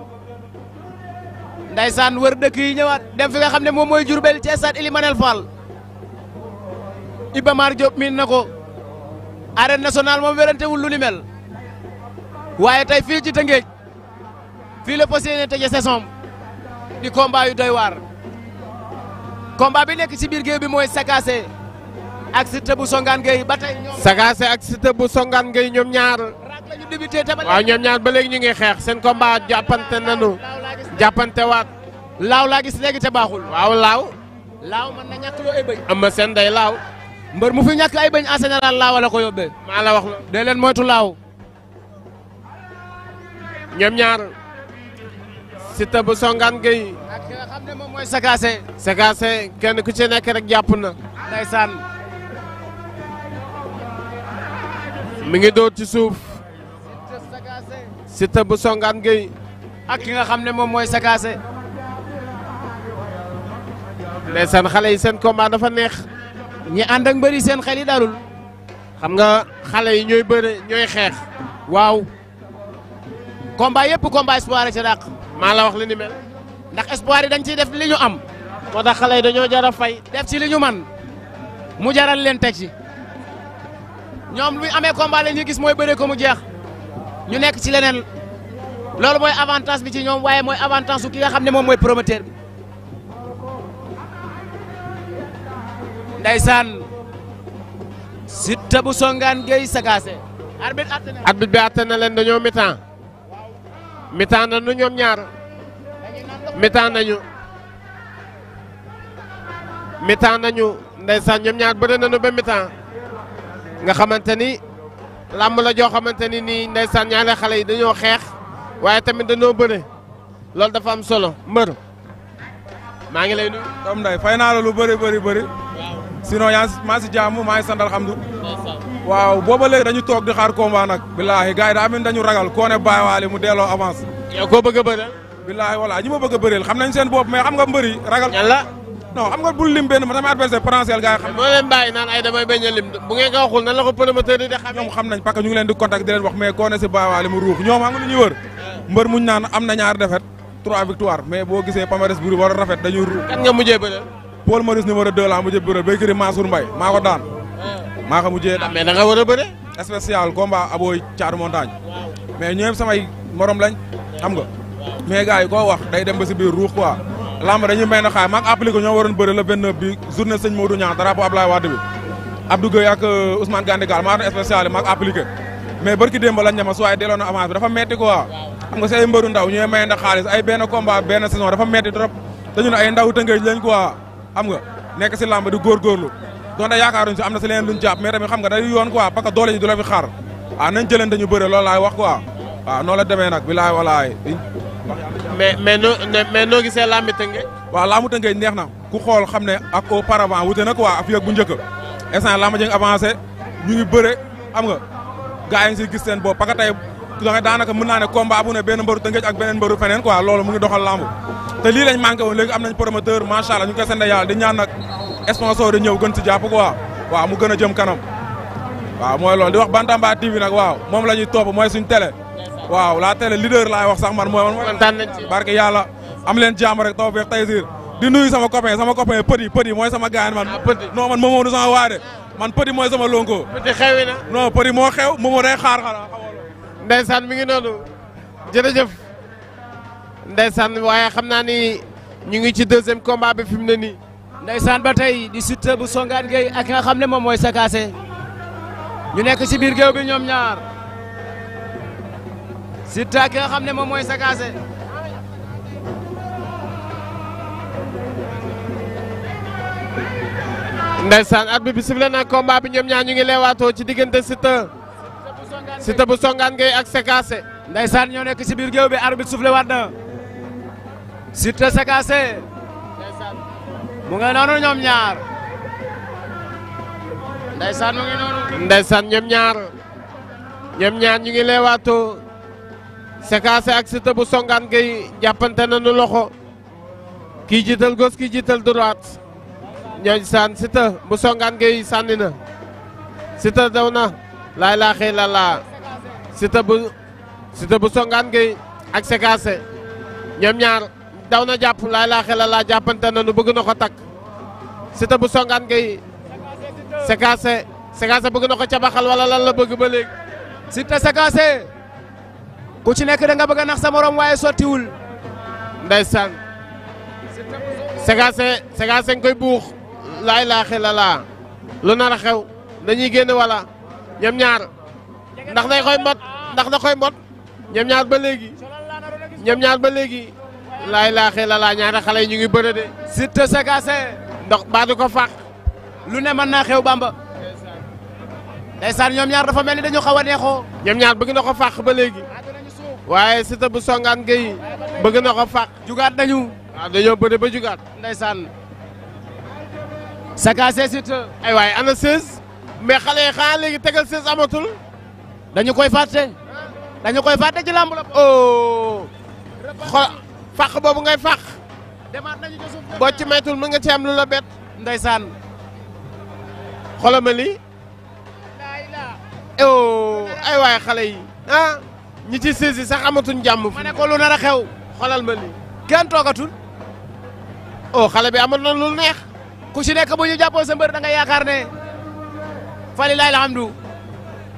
ndaysaan wër dëkk yi ñëwaat dem fi nga xam ne moom mooy Diourbel ci stade Ilimanel Fall Iba Mar miin na ko arène nationale moom wérantewul lu ni mel. waaye tey fii ci Tëngéej fii la fas yéene tëje saison di combat yu doy waar combat bi nekk ci biir géew bi mooy Sakase ak Siteu bu Songane Gueye ba tey ñoom. ak Siteu bu Songane Gueye ñoom ñaar. raak la waaw ñoom ñaar ba léegi ñu ngi xeex seen combat jàppante nanu jàppante waat. laaw laa gis léegi te baaxul. waaw laaw. laaw man na ñàkk loo ay bëñ. am na seen day laaw. mbër mu fi ñàkk ay bëñ en général laaw ko yóbbee. maa moytu laaw. ñoom ñaar Siteu bu Songane Gueye. moom mooy Sagassé. Sagassé kenn ku ci nekk rek jàpp na. ndeysaan. mi ngi dóor ci suuf. Siteu bu Songane Gueye. ak ki nga xam ne moom mooy Sagassé. ndeysaan xale yi seen combat dafa neex. ñi ànd ak mbëri seen xel yi dalul. xam nga xale yi ñooy bëre ñooy xeex. waaw. combat yëpp combat espoir ci dàq. maa la wax li ni mel. ndax espoir yi dañ ciy def li ñu am. moo tax xale dañoo jar a fay. def ci li man mu jaral leen teg ci ñoom lu amee combat la ñuy gis mooy bëre ko mu jeex ñu nekk ci leneen lool mooy avantage bi ci ñoom waaye mooy avantage su ki nga xam ne moom mooy promoteur bi. Ndeysaan Siteu bu songaan Gueye Sagase. arbitre bi àtte na leen dañoo mi mitaan nañu ñoom ñaar mitaan nañu mitaan nañu ndeysaan ñoom ñaar bëri nañu ba mitaan nga xamante ni làmb la joo xamante ni nii ndeysaan ñaari xale yi dañoo xeex waaye tamit dañoo bëre loolu dafa am solo mbër maa ngi lay nuyu. doom nday fay naa la lu bëri bëri bëri. waaw maa si jaamu maa ngi sant alhamdulilah. waaw booba léegi dañu toog di xaar combat nag. billaahi gars yi daa mel dañu ragal koo ne bàyyi mu delloo avance. yow koo bëgg a billaahi wala ñi ma bëgg a bëreel xam nañ seen bopp mais xam nga mbëri ragal. yàlla xam nga bul lim benn ma sama adversaire potentiel gars leen bàyyi naan ay damay bañ lim bu ngeen ko waxul nan la xam. nañ parce ñu ngi di contact di leen wax mais koo si bàyyi waale mu ruux ñoom xam nga lu mbër muñ naan am na ñaar defet trois victoire mais boo gisee palmarès bu war a rafet maa ko mujjee daan mais da nga war a bëre. spécial combat abooy caatu montagne. mais ñoom samay morom lañ xam nga. mais gars koo wax day dem ba si biir ruux quoi. lamb dañuy may na xaay maag appliqué ñoo waroon bëre le 29 bi journée sëñ Modou Niang drapeau Abdoulaye Wade bi. Abdou Gueye ak euh, Ousmane Gandigal maa doon spécial maag appliqué. mais barki démb lañ ñama su waaye delloo na avance bi dafa metti quoi. xam nga si ay mbëru ndaw ñooy may na xaalis ay benn combat benn saison dafa metti trop. te ñun ndaw tëngëj lañ quoi xam nga nekk si lamb di góorgóorlu donte yaakaaruñ si am na si leneen luñ jàpp mais tamit xam nga day yoon quoi parce que doole ji du la fi xaar waaw ah, nañ jëlante ñu bëre loolu wax quoi waaw ah, noonu la demee nag bilaay walaay mais mais noo gisee làmbi tëngeej waaw làmbu tëngeej neex na ku xool xam ne ak auparavant wute na quoi fii ak bu njëkk instant làmb ji avancé ñu ngi bëre xam nga gars yi si gis seen bopp parce que tey da daanaka mën naa ne combat bu ne benn mbëru tëngeej ak beneen mbëru feneen quoi sponsor di ñëw gën si jàpp quoi waaw mu gën a jëm kanam waaw mooy loolu di wax Bantamba TV nag waaw moom la ñuy topp mooy suñ télé. waaw la télé leader laay wax sax man mooy man. kontaan nañ barke yàlla am leen jàmm rek taw feeg tey di nuyu sama copain sama copain Petit Petit mooy sama gars man. ah Petit non man Momadou mooy sama lonko. Petit xewi na. non moo xew Momadou day xaar xanaa xamoo loolu. ndeysaan mi ngi noonu jërëjëf ndeysaan waaye xam naa ni ñu ngi ci deuxième combat bi fi mu ne nii ndeysaan ba tey di Siteu bu Songane Gueye ak nga xam ne moom mooy Sakaase ñu nekk ci biir géew bi ñoom ñaar Siteu ak nga xam ne moom mooy Sakaase ndeysaan at bi bi sifle na combat bi ñoom ñaar ñu ngi leewaatoo ci diggante Siteu Siteu bu Songane Gueye ak Sakaase ndeysaan ñoo nekk ci biir géew bi arbitre sifle waat na Siteu Sakaase mu ngi noonu ñoom ñaar. ndeysaan ñaar ñoom ñaar ñu ngi leewaatoo Secasse ak Siteu bu songaan gay jàppante nañu loxo kii jiital gauche kii jiital droite ñooñ saan Siteu bu songaan gay sànni na Siteu daw na laay laa xëy la laa Siteu bu Siteu bu songaan gay ak Secasse ñoom ñaar. daw na jàpp laay laa xelal laa jàppante na nu bëgg na ko takk Siteu bu songaan ngay sékaase sékaase bëgg na ko cabaxal wala lan la bëgg ba léegi. Siteu sékaase ku ci nekk da nga bëgg a nax sa moroom waaye sottiwul. ndeysaan sékaase sékaase nga koy buux laay laa xelal laa lu nar a xew dañuy génne wala ñoom ñaar ndax day koy mot ndax da koy mot ñoom ñaar ba léegi ñoom ñaar ba léegi. laay laaxee la laa ñaata xale yi ñu ngi bëre de. Siteu sa ndox baa du ko fàq. lu ne mën naa xew Bamba. ndeysaan ñoom ñaar dafa mel ni dañu xaw a neexoo. ñoom ñaar bëgg na ko fàq ba léegi. waaye Siteu bu songaan Guèye bëgg na ko fàq. jugaat nañu. waaw ba jugaat. ndeysaan. sa gaase Siteu. ay waay ana seize. mais xale yi xaa léegi tegal seize amatul. dañu koy fàtte. dañu koy fàtte ci làmb la. oh. fàq boobu ngay fàq. demaat nañu ci maytul mën nga ci am lu la bett. ndeysaan. xoolal ma lii. ay waay xale yi. ah ñi ci saisi sax amatuñ jàmm. ma ne lu nar a xew. xoolal ma lii. kenn toogatul. oh xale bi amat na lu neex. ku ci nekk bu ñu jàppoo sa mbër da nga yaakaar ne. fali laay alhamdu.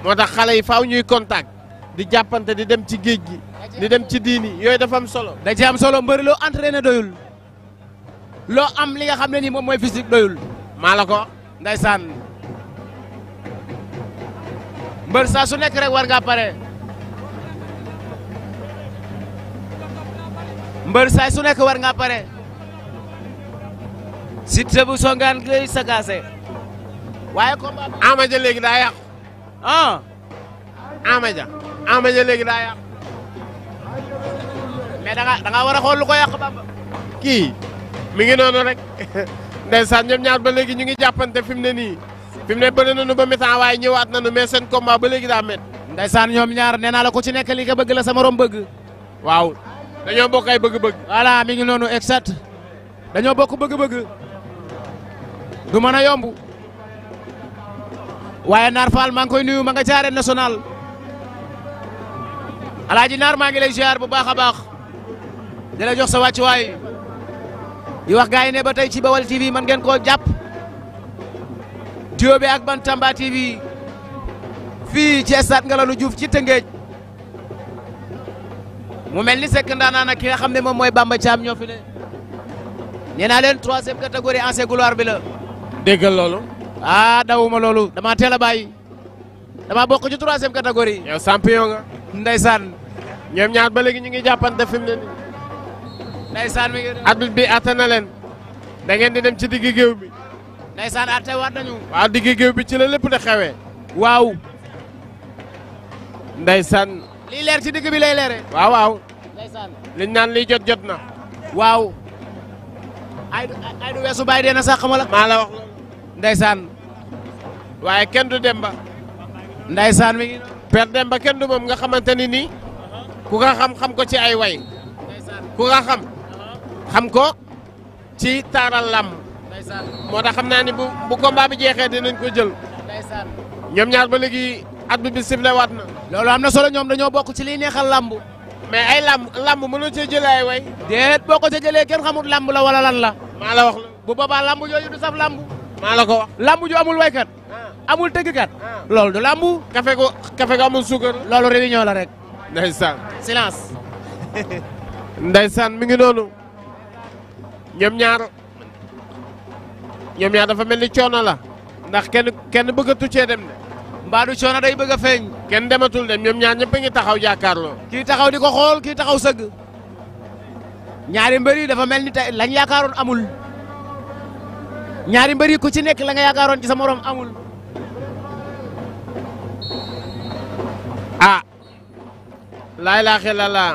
moo tax xale yi faw ñuy contact. di jàppante di dem ci géej gi di dem ci diini yooyu dafa am solo. da ci am solo mbari loo entraîné doyul loo am li nga xam ne ni moom mooy physique doyul. maa day ko ndeysaan saa su nekk rek war ngaa pare mbër saa su nekk war ngaa pare Siteu bu songaan lay sagaase waaye combat Ama léegi daa yàqu ah Ama Ama Dia léegi daa yàq mais da nga da war a xool lu ko yàq ba kii mi ngi noonu rek ndeysaan ñoom ñaar ba léegi ñu ngi jàppante fi mu ne nii fi mu ne bëri ba mi-temps waaye ñëwaat nañu mais seen combat ba léegi daa met ndeysaan ñoom ñaar nee naa la ku ci nekk li nga bëgg la sa morom waaw dañoo bokk ay bëgg-bëgg voilà mi ngi noonu exact dañoo bokk bëgg-bëgg du mën a yomb waaye Naar Fall maa ngi koy nuyu ma nga jaaree national alaaji naar maa ngi lay ziar bu baax a baax di la jox sa wàccuwaay wax gars yi ne ba tey ci Bawal TV man ngeen koo jàpp tuyoo bi ak Bantamba TV fii ci stade Ngalandou Diouf ci Tëngéej mu mel ni sekk ndaanaan ak ki nga xam ne moom mooy Bamba Thiam ñoo fi ne nee naa leen troisième catégorie ancien gloire bi la. déggal loolu. ah dawuma loolu damaa teel a bàyyi damaa bokk ci troisième catégorie. yow champion nga. ndeysaan ñoom ñaar ba léegi ñu ngi jàppante fi mu ne nii. ndeysaan mi bi atte na leen. dangeen di dem ci digg géew bi. ndeysaan atte war nañu. waaw digg géew bi ci la lépp di xewee. waaw. ndeysaan. lii leer ci digg bi lay leeree. waaw waaw. ndeysaan liñ naan lii jot jot na. waaw. ay ay du weesu bàyyi dee na sax xamala. maa la wax loolu. ndeysaan. waaye kenn du demba ba. ndeysaan mi per dem ba kenn du moom nga xamante ni nii. ku nga xam ko ci ay way ku nga xam ko ci taaral làmb moo tax xam naa ni bu bu combat bi jeexee dinañ ko jël ñoom ñaar ba léegi at bi bi sifflé waat na loolu am na solo ñoom dañoo bokk ci liy neexal làmb mais ay lamb lamb mënoo cee jëlee ay way déet boo ko ca jëlee kenn xamul làmb la wala lan la maa la wax la bu boobaa làmb yooyu du saf làmb maa la ko wax làmb ju amul waykat ah. amul tëggkat ah. loolu du làmb kafe ko kafe ko amul suukar loolu réunion la rek ndeysaan silence ndeysaan mi ngi noonu ñoom ñaar ñoom ñaar dafa mel ni coono la ndax kenn kenn bëggatu cee dem de mbaadu coono day bëgg a feeñ kenn dematul dem ñoom ñaar ñëpp a ngi taxaw jàkkaarloo kii taxaw di ko xool kii taxaw sëgg ñaari mbër yi dafa mel ni tey lañ yaakaaroon amul ñaari mbër yi ku ci nekk la nga yaakaaroon ci sa morom amul laay laa xelal laa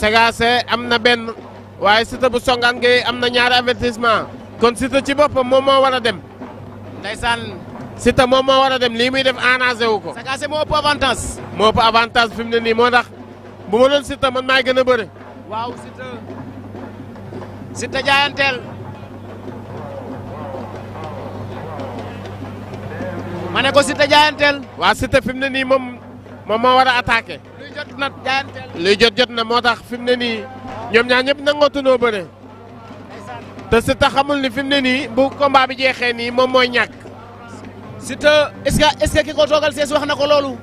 Segase am na benn waaye Siteu bu gi am na ñaari avertissement kon Siteu ci boppam moom moo war a dem ndeysaan Siteu moom moo war a dem lii muy def arrangé wu ko. Segase moo ëpp avantage. moo ëpp avantage fi mu ne nii moo tax bu ma doon Siteu man maay gën a bëre. waaw Siteu Siteu jaayanteel. ma ko Siteu jaayanteel. waa Siteu fi ne nii moom. moom ma war a attaqué. luy jot nag jaayanteel. jot jot na moo tax fi mu ne nii ñoom ñaar ñëpp nangootunoo bëre. te Siteu xamul ni fi mu ne nii bu combat bi jeexee nii moom mooy ñàkk. Siteu est-ce que est-ce que ki ko toogal sees wax na ko loolu.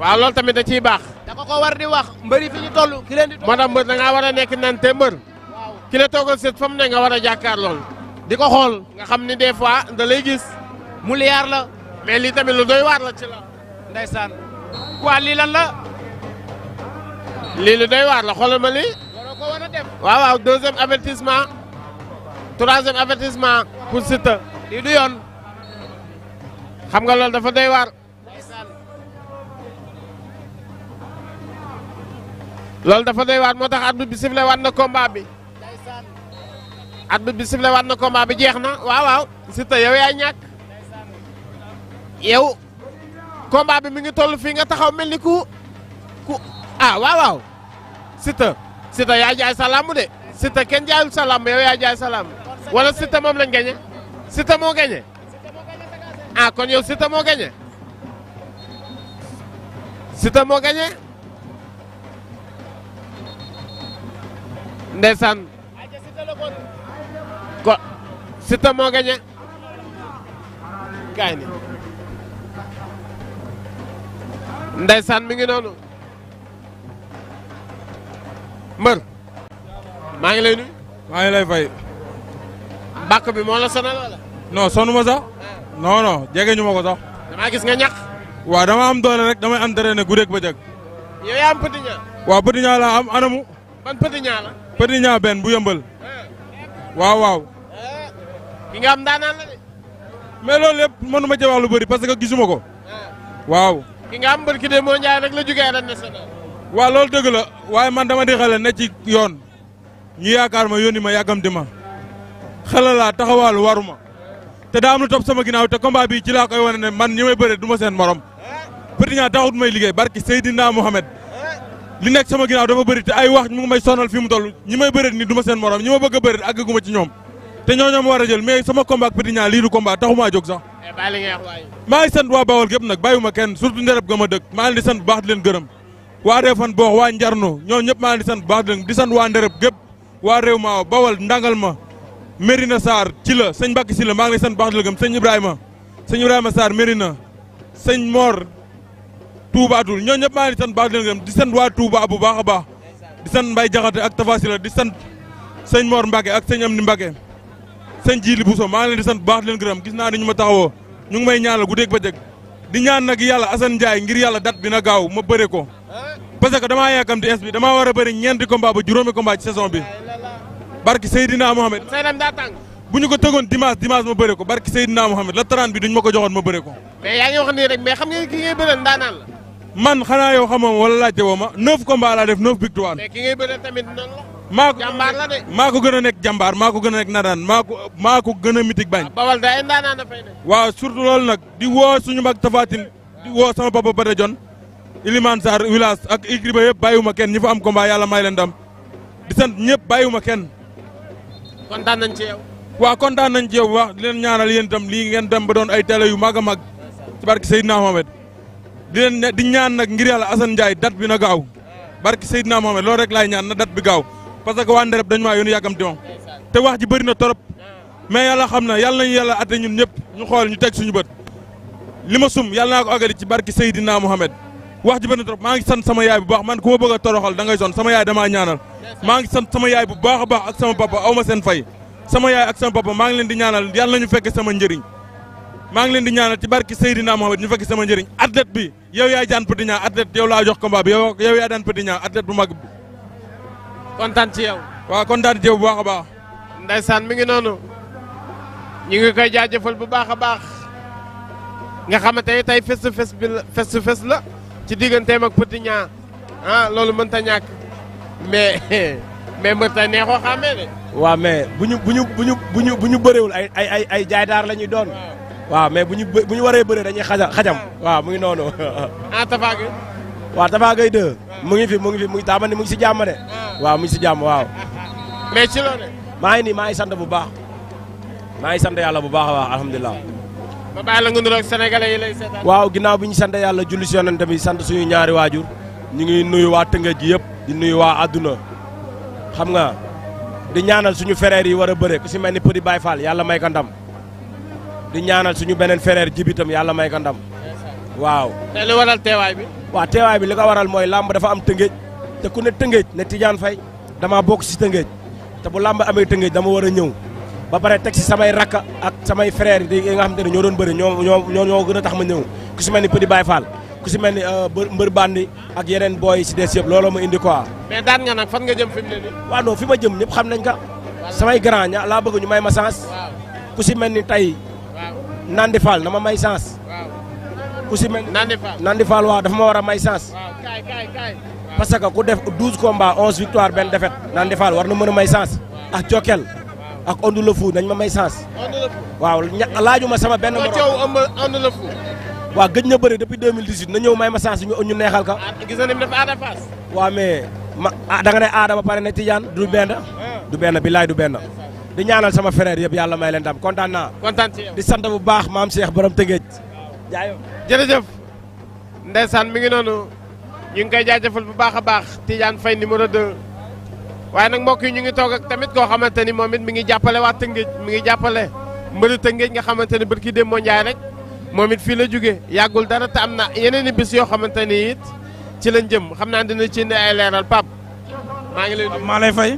waaw loolu tamit a ciy baax. da ko ko war di wax mbëri fi ñu toll ki leen moo tax mbër da ngaa war a nekk nan te mbër. waaw ki seet fa ne nga war a jàkkaar lool. di ko xool nga xam ni des fois da gis. mu liyaar la. mais lii tamit lu doy waar la ci la. waa lii lan la. lii lu doy waar la xoolal ma lii. waroo ko war a waaw waaw deuxième avertissement. troisième pour Siteu. lii du yoon. xam nga loolu dafa doy waar. loolu dafa doy waar moo tax arbitre bi sifflé waat na combat bi. arbitre bi sifflé waat na combat bi jeex na waaw waaw Siteu yow yaa ñàkk. yow combat bi mi ngi toll fii nga taxaw mel ni ku ku ah waaw waaw Siteu Siteu yaa jaay sa làmb de Siteu kenn jaayul sa làmb yow yaa jaay sa moom lañ gañe Siteu moo gañe ah kon yow Siteu moo gañe Siteu moo gañe ndeysaan ko Siteu moo gañe ndeysaan mi ngi noonu mbër maa ngi lay nuyu maa ngi fay bàkk bi moo la sonal wala non sonu ma sax ah. non ko sax damaa gis nga ñàkk waaw dama am doole rek dama entraîné guddeeg bëccëg yow yaa am petit ñaa am anamu ban petit ñaa la ñaa benn bu yëmbal ah. waaw waaw ah. ki nga am daanaan la de mais loolu lépp mënuma ci wax lu bëri parce que gisuma ko waaw ki nga am barki de moo Ndiaye rek la jugee arène nationale. waaw loolu dëgg la waaye man dama di xelal ne ci yoon ñu yaakaar ma yónni ma yàggamti ma xelal laa taxawaalu waruma te daa am lu topp sama ginaaw te combat bi ci laa koy wane ne man ñi may bëre duma seen morom Petit Niang taxut may liggéey barki Seydina Mohamed li nekk sama ginnaaw dafa bëri te ay wax ñu ngi may sonal fi mu toll ñi may bëre nii du ma seen morom ñi ma bëgg a bëre àggaguma ci ñoom. te ñoo ma war a jël mais sama combat ak Petit Niang lii du combat jóg sax. Eh, maa ngi sant waa Bawol gépp nag bàyyiwuma kenn surtout ndereb ga ma maa ngi di sant bu baax di leen gërëm waa Réfan boox waa Njarno ñoo ñëpp maa ngi di sant bu baax di leen di sant waa ndereb gépp waa réew maa Bawol ndangal ma Mérina Sarr ci la sëñ Mbacke si la maa ngi lay sant bu baax di la gëm sëñ Ibrahima sëñ Ibrahima Sarr Mérina sëñ Mor Toubatul ñoo ñëpp maa ngi di sant bu baax di leen gëm di sant waa Touba bu baax a baax di sant Mbaye Jaxate ak Tafa di sant sëñ Mor Mbacke ak sëñ Amdi sëñ Jili Bousso maa ngi leen di sant bu baax di leen gërëm gis naa ni ñu ma taxawoo ñu ngi may ñaanal guddeeg bëccëg di ñaan nag yàlla Assane Ndiaye ngir yàlla date bi na gaaw ma bëre ko parce que damaa yàkkamti es bi war a bëri ñeenti combat ba juróomi combat ci saison bi barki Seydina Mohamed bu ñu ko tëgoon dimanche dimanche ma bëre ko barki Seydina Mohamed la 30 bi duñ ma ko joxoon ma bëre ko mais yaa ngi wax nii rek mais la ma neuf combat laa maa ko jàmbaar la maa ko gën a nekk jàmbaar maa ko gën a nekk nadaan maa ko maa ko gën a mitig bañ. Ah, bawal day ndaanaan dafay ne. loolu nag di woo suñu mag Tafatine di woo sama papa Bada John Ilimane Sarr village ak Igri ba yëpp kenn ñi fa am yàlla may leen ndam di sant ñëpp bàyyiwuma kenn. kontaan nañ ci yow. kontaan nañ ci yow wax di leen ñaanal yéen itam lii ngeen dem ba doon ay télé yu mag a mag ci barke Seydina Mohamed di leen di ñaan nag ngir yàlla Assane Ndiaye date bi na gaaw barke Seydina Mohamed loolu rek laay ñaan na date bi gaaw parce que waa Ndereb dañu maa yónni yàggam diwoon te wax ji bëri na torop mais yàlla xam na yàlla nañu yàlla atte ñun ñëpp ñu xool ñu teg suñu bët li ma sum yàlla naa ko àggali ci barki Seydina Mohamed wax ji bëri na torop maa ngi sant sama yaay bu baax man ku ma bëgg a toroxal dangay ngay son sama yaay damaa ñaanal maa ngi sant sama yaay bu baax a baax ak sama papa aw ma seen fay sama yaay ak sama papa maa ngi leen di ñaanal yàlla ñu fekke sama njariñ maa ngi leen di ñaanal ci barki Seydina Mohamed ñu fekk sama njëriñ athlète bi yow yaay jaan Petit Niang athlète yow laa jox combat bi yow yow yaa mag bi kontaan ci yow. waaw kontaan ci yow bu baax a baax. Ndeysaan mi ngi noonu ñu ngi koy jaajëfal bu baax a baax nga xamante ne tey face to face bi la ci digganteem ak Petit Niang ah loolu mënta ñàkk mais mais mënta neexoo xàmmee de. waaw mais bu ñu bu ñu bu ñu bu ñu bu ñu bëreewul ay ay ay ay jaaydaar la ñuy doon. waaw mais bu ñu bu ñu waree bëree dañuy xaja xajam. waaw mu ngi noonu. ah Tafa waaw Tapha Gueye mu ngi fi mu ngi fi mu ngi taama mu ngi si jàmm de waaw mu ngi si jàmm waaw. mais ci loolu. maa ngi nii maa ngi sant bu baax maa ngi sant yàlla bu baax waaw alhamdulilah. ba bàyyi la nga nuyoog waaw ginaaw bi ñu sant yàlla julli si yonent bi sant suñu ñaari waajur ñu ngi nuyu waa Tëngéej gi yëpp di nuyu waa àdduna xam nga di ñaanal suñu fereer yi war a bëre ku si mel ni Petit Baye Fall yàlla may ko ndam di ñaanal suñu beneen frère jibitam yàlla may ko waaw. waaw teewaay bi li ko waral mooy làmb dafa am tëngéej te ku ne tëngéej ne Tidiane fay damaa bokk si tëngéej te bu làmb amee tëngéej dama war a ñëw ba pare teg si samay rakk ak samay frères yi nga xam ne ñoo doon bëri ñoo ñoo ñoo gën a tax ma ñëw ku si mel ni Petit Baye Fall ku si mel ni euh, mbër bandi ak yeneen booy si des yëpp looloo ma indi quoi. mais daan nga nag fan nga jëm fi fi ma jëm ñëpp xam nañ ka samay grand ña laa bëgg ñu may ma chance. ku si mel ni tey. waaw Nandi Fall na ma may chance. ku si mel Nandi Fall Nandi waaw dafa ma war a may chance. parce que ku def 12 combats 11 victoire benn defet Nandi Fall war na mën a may chance. ak Jokal ak Onde le Fou nañ ma may chance. waaw ña laajuma sama benn. morom Onde le Fou. waaw gëj na bëri depuis 2018 na ñëw may ma chance ñu ñu neexal ka. gis na ni mu def aada Fass. waaw mais ma ah, ne aada ba pare ne Tidiane du benna ah. du benn billaay du benn. di ñaanal sama fereer yëpp yàlla may leen daam kontaan naa. kontaan di sant bu baax maam Cheikh borom Tëngéej. jaayoo jërëjëf ndeysaan mu ngi noonu ñu ngi koy jaajëfal bu baax a baax Tidiane Faye numéro 2 waaye nag mbokk yi ñu ngi toog ak tamit koo xamante ni moom it mi ngi jàppale waa Tëngéej mi ngi jàppale mbëru Tëngéej nga xamante ni barki démb Ndiaye rek moom it fii la jóge yàggul dara te am na yeneen i yoo xamante ni ci la jëm xam naa dina ci indi ay leeral Pape maa ngi lay maa lay fay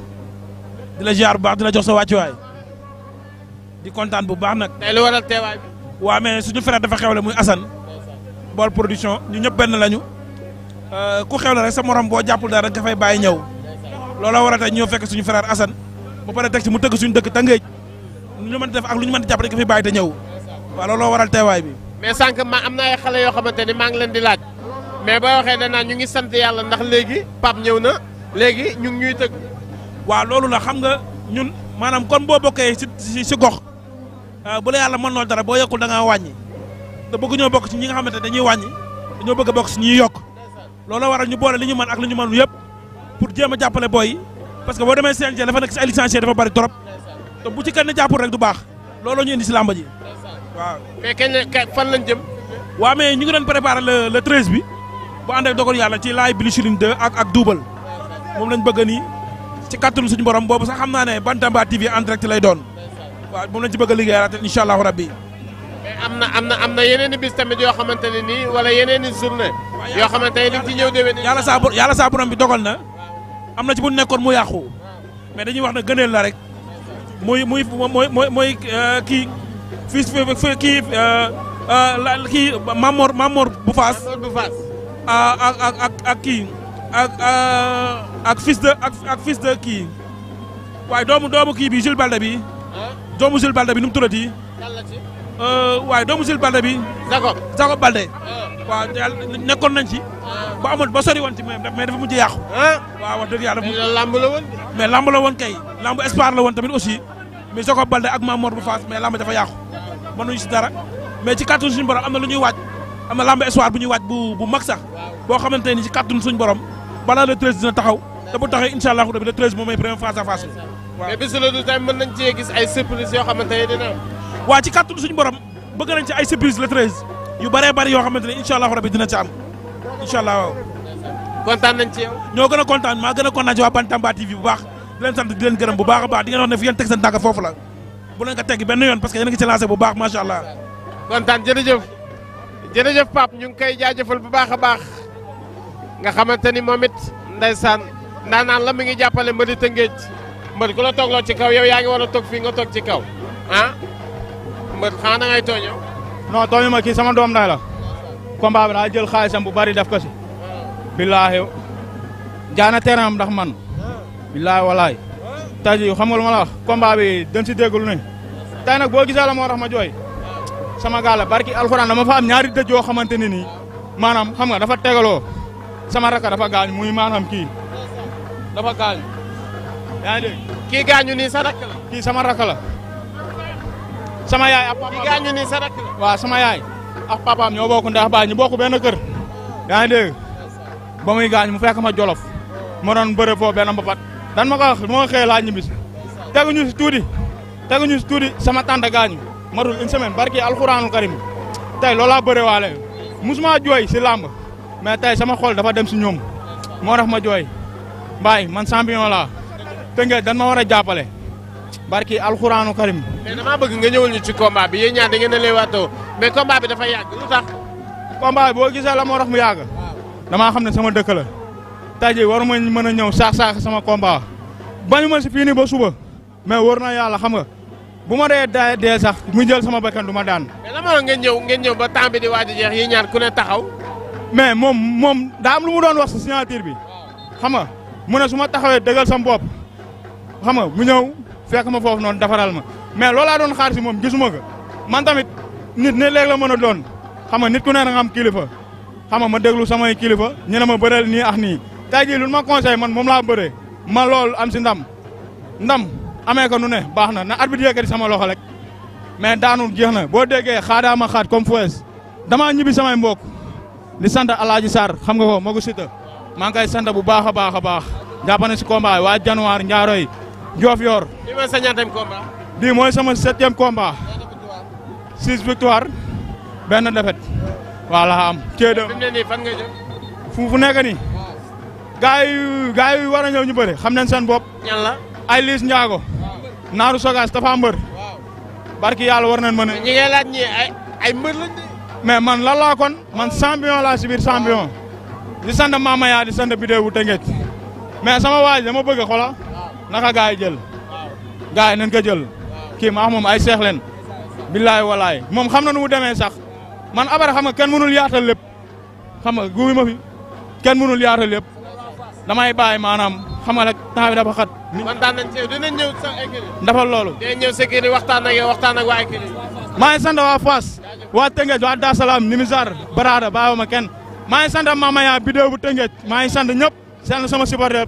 di la ziar baax di jox sa wàccuwaay di kontaan bu nag. waa mais suñu frère dafa la muy Assane bool production ñu ñëpp benn lañu euh, ku xewle rek sa morom boo jàppul dara nga bàyyi ñëw looloo war a tey ñëw fekk suñu frère Assane ba pare teg ci mu tëgg suñu dëkk tëngeej lu ñu mën def ak lu ñu mën jàpp rek nga fay bàyyi ñëw waaw looloo waral teewaay bi. mais sànq ma am na ay xale yoo xamante ni maa ngi leen di laaj mais boo waxee danaa ñu ngi sant yàlla ndax léegi Pape ñëw na léegi ñu ngi ñuy tëgg. waaw loolu la xam nga ñun maanaam kon boo bokkee si si gox. Euh, bu la yàlla mën noo dara boo yokkul da ngaa wàññi te bëgg ñoo bokk ci ñi nga xamante dañuy wàññi dañoo bëgg a bokk ci ñiy yokk loolu waral ñu boole li ñu mën ak li ñu mën yëpp pour jéem a jàppale booy yi parce que boo demee CNG dafa nekk ci ay licencié dafa bari trop te bu ci kenn jàppul rek du baax looloo ñu indi si làmba ji waaw. mais fan lañ jëm. waaw mais ñu ngi doon préparer le le treize bi bu ànd ak dogal yàlla ci laay bilichirine 2 ak ak duubal moom lañ bëgg nii ci kàttanu suñu borom boobu sax xam naa ne Bantamba TV en direct lay doon waaw moom lañ ci bëgg a liggéeyaat incha allahu rabbi am na am na am na yeneen i bis tamit yoo xamante ne nii wala yeneen i journée yoo xamante ne li ci ñëw déwén yàlla saa yàlla saa borom bi dogal na am na ci bu nekkoon mu yàqu mais dañuy wax ne gëneel la rek muy muy mooy mooy mooy euh, kii fii fi kii euh, euh, kii Mamor Mamor bu Faas ah, ak ak ak kii ak ak fils kii waaye doomu doomu kii bi Jules Balde bi doomu Jules Balde bi nu mu tuddati. Euh, waaye doomu Jules Balde bi. Jacob Jacob Balde. Ah. waaw nekkoon nañ ci. Ah. ba amoon ba sori woon ci mais dafa mu yàqu. Ah. waaw wax dëgg yàlla. mais lamb la woon mais lamb la woon kay. lamb espoir la woon tamit aussi. mais Jacob Balde ak Mamor bu Faas mais lamb dafa yàqu. mënuñu si dara mais ci kàttanu am na lu ñuy waaj. am na lamb espoir bu ñuy waaj bu bu mag sax. boo xamante ni ci kàttanu suñu borom. balaa le treize dina taxaw. te bu taxee incha allahu rabi moom mooy première face à mais bisu la nañ cee gis ay surprise xamante ne dina am. waa ci kàttanu suñu borom bëgg nañ ci ay surprise le treize yu bëree bëri yoo xamante ne incha allah rabi dina ci am incha allah kontaan nañ ci yow. ñoo gën kontaan maa gën a kontaan ci waa Bantamba TV bu baax di leen sant di gërëm bu baax baax di ngeen ne fi ngeen teg seen tànk foofu la bu leen ko benn yoon parce que yéen a ngi ci lancé bu baax macha allah. kontaan jërëjëf jërëjëf Pape ñu ngi koy jaajëfal bu baax a baax nga xamante ni moom it ndeysaan ndaanaan la mi ngi jàppale mbëri Tëngéej mbër ko la toogloo ci kaw yow yaa ngi war a toog fii nga toog ci kaw ah mbër xanaa da ngay tooñoo. non tooñu ma kii sama doom day la. combat bi daa jël xaalisam bu bari def ko si. billaahi jaana terrain ndax man. billaahi walaay. tey jii xam nga lu ma la wax combat bi dañ si déggul ne. tey nag boo gisee la moo tax ma jooy. sama gaal la barki alxuraan dama fa ñaari dëj yoo xamante ne nii maanaam xam nga dafa tegaloo sama rakk dafa gaañ muy maanaam kii dafa gaañ. yaa kii gaañu nii sa rakk la. sama rakk la sama yaay ak papaam waaw sama yaay ak papaam ñoo bokk ndax baay ñu bokk benn kër. yaa ngi dégg ba muy gaañ mu fekk ma jolof ma doon bëre foofu benn mbapat dan ma ko wax ma ko xëy laa ñibbi teguñu si teguñu si tuuti sama tante gaañu matul une semaine barki alxuraanul karim tey loolaa bëre waale musuma jooy si làmb mais tey sama xol dafa dem si ñoom moo tax ma jooy mbaay man champion laa Tëngéej dañ ma war a jàppale. barki alxuraanu karim. mais damaa bëgg nga ñëwal ñu ci combat bi yéen ñaar da ngeen a leewaatoo mais combat bi dafa yàgg lu tax. combat bi boo gisee la moo tax mu yàgg. damaa xam ne sama dëkk la. tey jii waru ma mën a ñëw saax saax sama combat. bañu ma si fii ba suba mais war na yàlla xam nga bu ma dee dee dee sax mu jël sama bakkan du ma daan. mais lan moo ngeen ñëw ngeen ñëw ba temps bi di waaj a jeex yéen ku ne taxaw. mais moom moom daa am lu mu doon wax si signature bi. xam nga mu ne su ma taxawee dëggal sama bopp. xam nga mu ñëw fekk ma foofu noonu dafaral ma mais loolaa doon xaar si moom gisuma ko man tamit nit ne léeg la mën a doon xam nga nit ku ne na am kilifa xam nga ma déglu samay kilifa ñu ne ma bëreel nii ak nii tey jii lu ma conseil man moom laa bëree ma loolu am si ndam ndam amee ko nu na baax na na arbitre yëkkati sama loxo rek mais daanul jeex na boo déggee xaadaa ma xaat comme foues damaa ñibbi samay mbokk di sant Alaaji Sarr xam nga ko ma ko sita maa ngi koy sant bu baax a baax a baax jàpp na si combat waa januar njaaroy Diof Yor. bii mooy sa ñaateem combat. bii mooy sama septième combat. six voilà am. ceeda fi mu ne nii fan fu fu nekk nii. gaa war a ñëw ñu bëri xam nañ seen bopp. ñan la ay Liis Ndiago. Naaru Sogas dafa mbër. barki yàlla war nañ mën a. ñi ngay ñi ay ay mbër mais man lan laa man champion laa si biir champion. di sant Mamaya di sant Biddew bu mais sama waaj dama bëgg xola naka gaay yi jël gaay yi nañ ko jël kii maa moom ay seex leen billaay walaay moom xam na nu mu demee sax man abara xam nga kenn mënul yaatal lépp xam nga guubi ma fi kenn mënul yaatal lépp damay bàyyi maanaam xam nga rek temps bi dafa xat. kontaan dafa loolu. dinañ waxtaan waxtaan waa écurie. maa ngi sant waa Fass waa Tëngéej waa Dar Salaam Nimizar Barada bàyyiwuma kenn maa ngi sant Mamaya bidéo bu Tëngéej maa ngi sant ñëpp sant sama supporter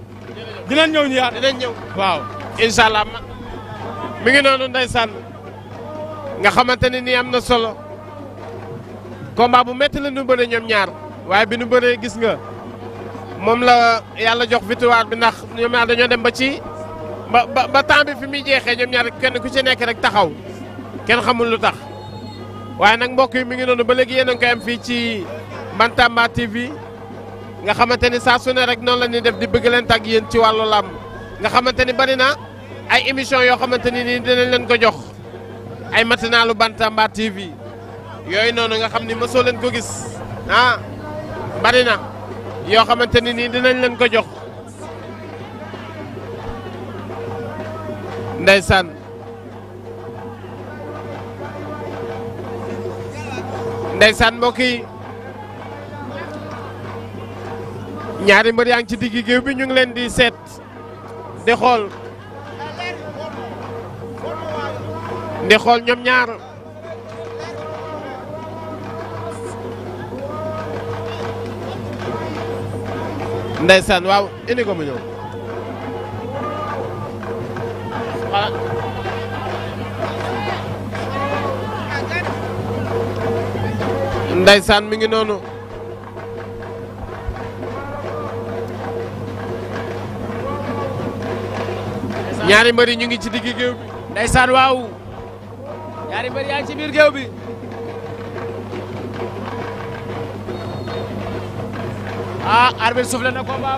dinañ ñëw ñu yaat dinañ ñëw waaw incha allah mi ngi noonu ndeysaan nga xamante ne nii am na solo combat bu métti la ñu bëre ñoom ñaar waaye bi nu bëree gis nga moom la yàlla jox victoire bi ndax ñoom ñaar dañoo dem ba ci ba ba temps bi fi muy jeexe ñoom ñaar kenn ku ci nekk rek taxaw kenn xamul lu tax waaye nag mbokk yi mi ngi noonu ba léegi yéen a fii ci Bantamba TV nga xamante ni saa su ne rek noonu la ñuy def di bëgg leen tàgg yéen ci wàllu làmb nga xamante ni bari na ay émission yoo xamante ni nii dinañ leen ko jox ay matinalu Bantamba TV yooyu noonu nga xam ni mësoo leen ko gis ah bari na yoo xamante ni nii dinañ leen ko jox ndeysaan ndeysaan mbokk yi ñaari mbër yaa ngi ci digg géew bi ñu ngi leen di seet di xool di xool ñoom ñaar ndeysaan waaw indi ko mu ñëw ndeysaan mi ngi noonu ñaari mbër ñu ngi ci digg géew bi. ndeysaan waaw ñaari mbër yaa ngi ci biir géew bi. ah arbitre soufflé na combat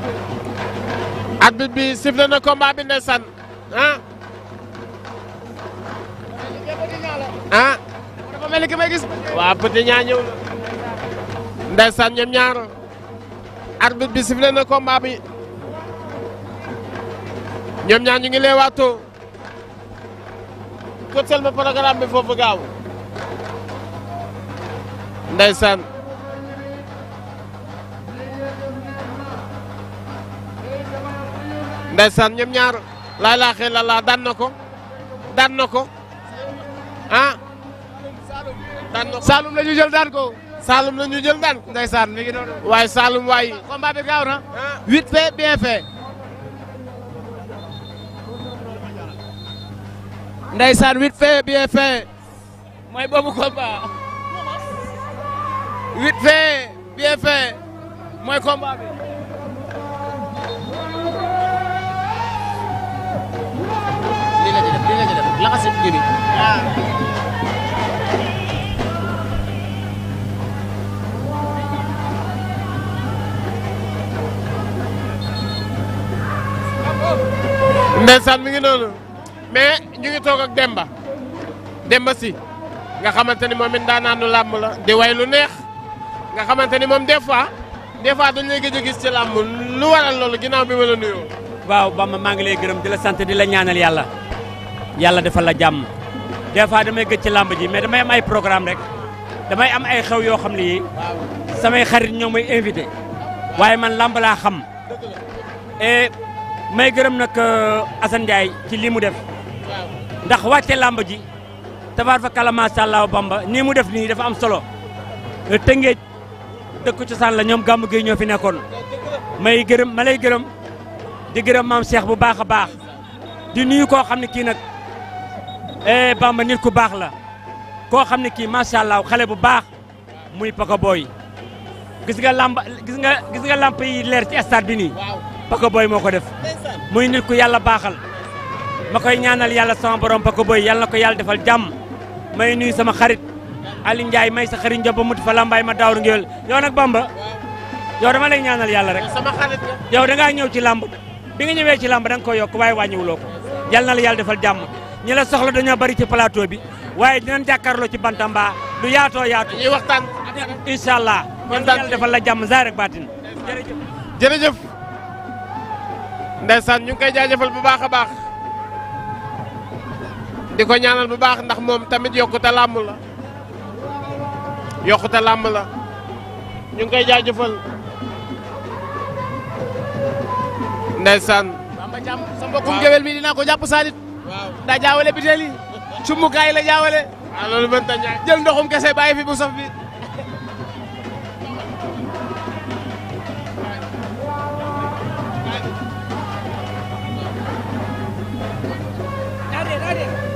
bi. bi soufflé na combat bi ndeysaan ah. ah. dafa mel ni ki may gis. waaw Petit Niang ñëw na. ñaar. arbitre bi soufflé na combat ñoom ñaar ñu ngi waato këttal ma programme bi foofu gaaw ndeysaan ndeysaan ñoom ñaar laay laa xee daan na ko daan na ko ah daan ko Saalum la ñu jël daan ko Saalum la ñu jël daan ko ndeysaan mi waaye Saalum waay combat bi gaaw ndeysaan huit fait bien fait mooy boobu combat huit fait bien fait mooy combat bi lii la ci def lii la ci def laxasi bi ndeysaan mi ngi noonu mais ñu ngi toog ak Demba Demba si nga xamante ni moom it daanaanu làmb la de way lu neex nga xamante ni moom des fois des fois dañu lay gëj gis ci làmb lu waral loolu ginnaaw bi ma la nuyoo. waaw Bamba maa ngi lay gërëm di la sant di la ñaanal yàlla yàlla defal la jàmm des fois damay gëj ci làmb ji mais damay am ay programme rek damay am ay xew yoo xam ne yii samay xarit ñoo may invité waaye man làmb laa xam et may gërëm nag euh, Assane Ndiaye ci lii mu def. ndax wàcce làmb ji tabaar fa kala macha allah bamba nii mu def nii dafa am solo tëngeej dëkk cosaan la ñoom gàmmu gi ñoo fi nekkoon may gërëm ma lay gërëm di gërëm maam bu baax a baax di nuyu koo xam ne kii nag e bamba nit ku baax la koo xam ne kii macha allah xale bu baax muy pakabooy gis nga làmb gis nga gis nga làmp yi leer ci stade bi nii pakabooy moo ko def muy nit ku yàlla baaxal ma koy ñaanal yàlla sama borom ba ko bëy yàlla na ko yàlla defal jàmm may nuyu sama xarit Aliou Ndiaye may sa xarit Ndiobo muti fa lambaay ma daawru ngéwél yow nag Bamba yow dama lay ñaanal yàlla rek sama xarit yow da ngaa ñëw ci làmb bi nga ñëwee ci làmb da nga ko yokk waaye wàññiwuloo ko yàlla yàlla defal jàmm ñi la soxla dañoo bari ci plateau bi waaye dinañ jàkkaarloo ci bantamba du yaatoo yaatu ñuy waxtaan incha allah yàlla defal la jàmm zaay rek baatin jërëjëf jërëjëf a di ko ñaanal bu baax ndax moom tamit yokkute làmb la yokkute làmb la ñu ngi koy jaajëfal ndeysaan bamba jàmm sa mbokkum géwél mi dinaa ko jàpp saalit waaw daa jaawale biteel yi cumbukaay la jaawale waaw ah, loolu mënta ñàkk jël ndoxum kese baay fi bu bi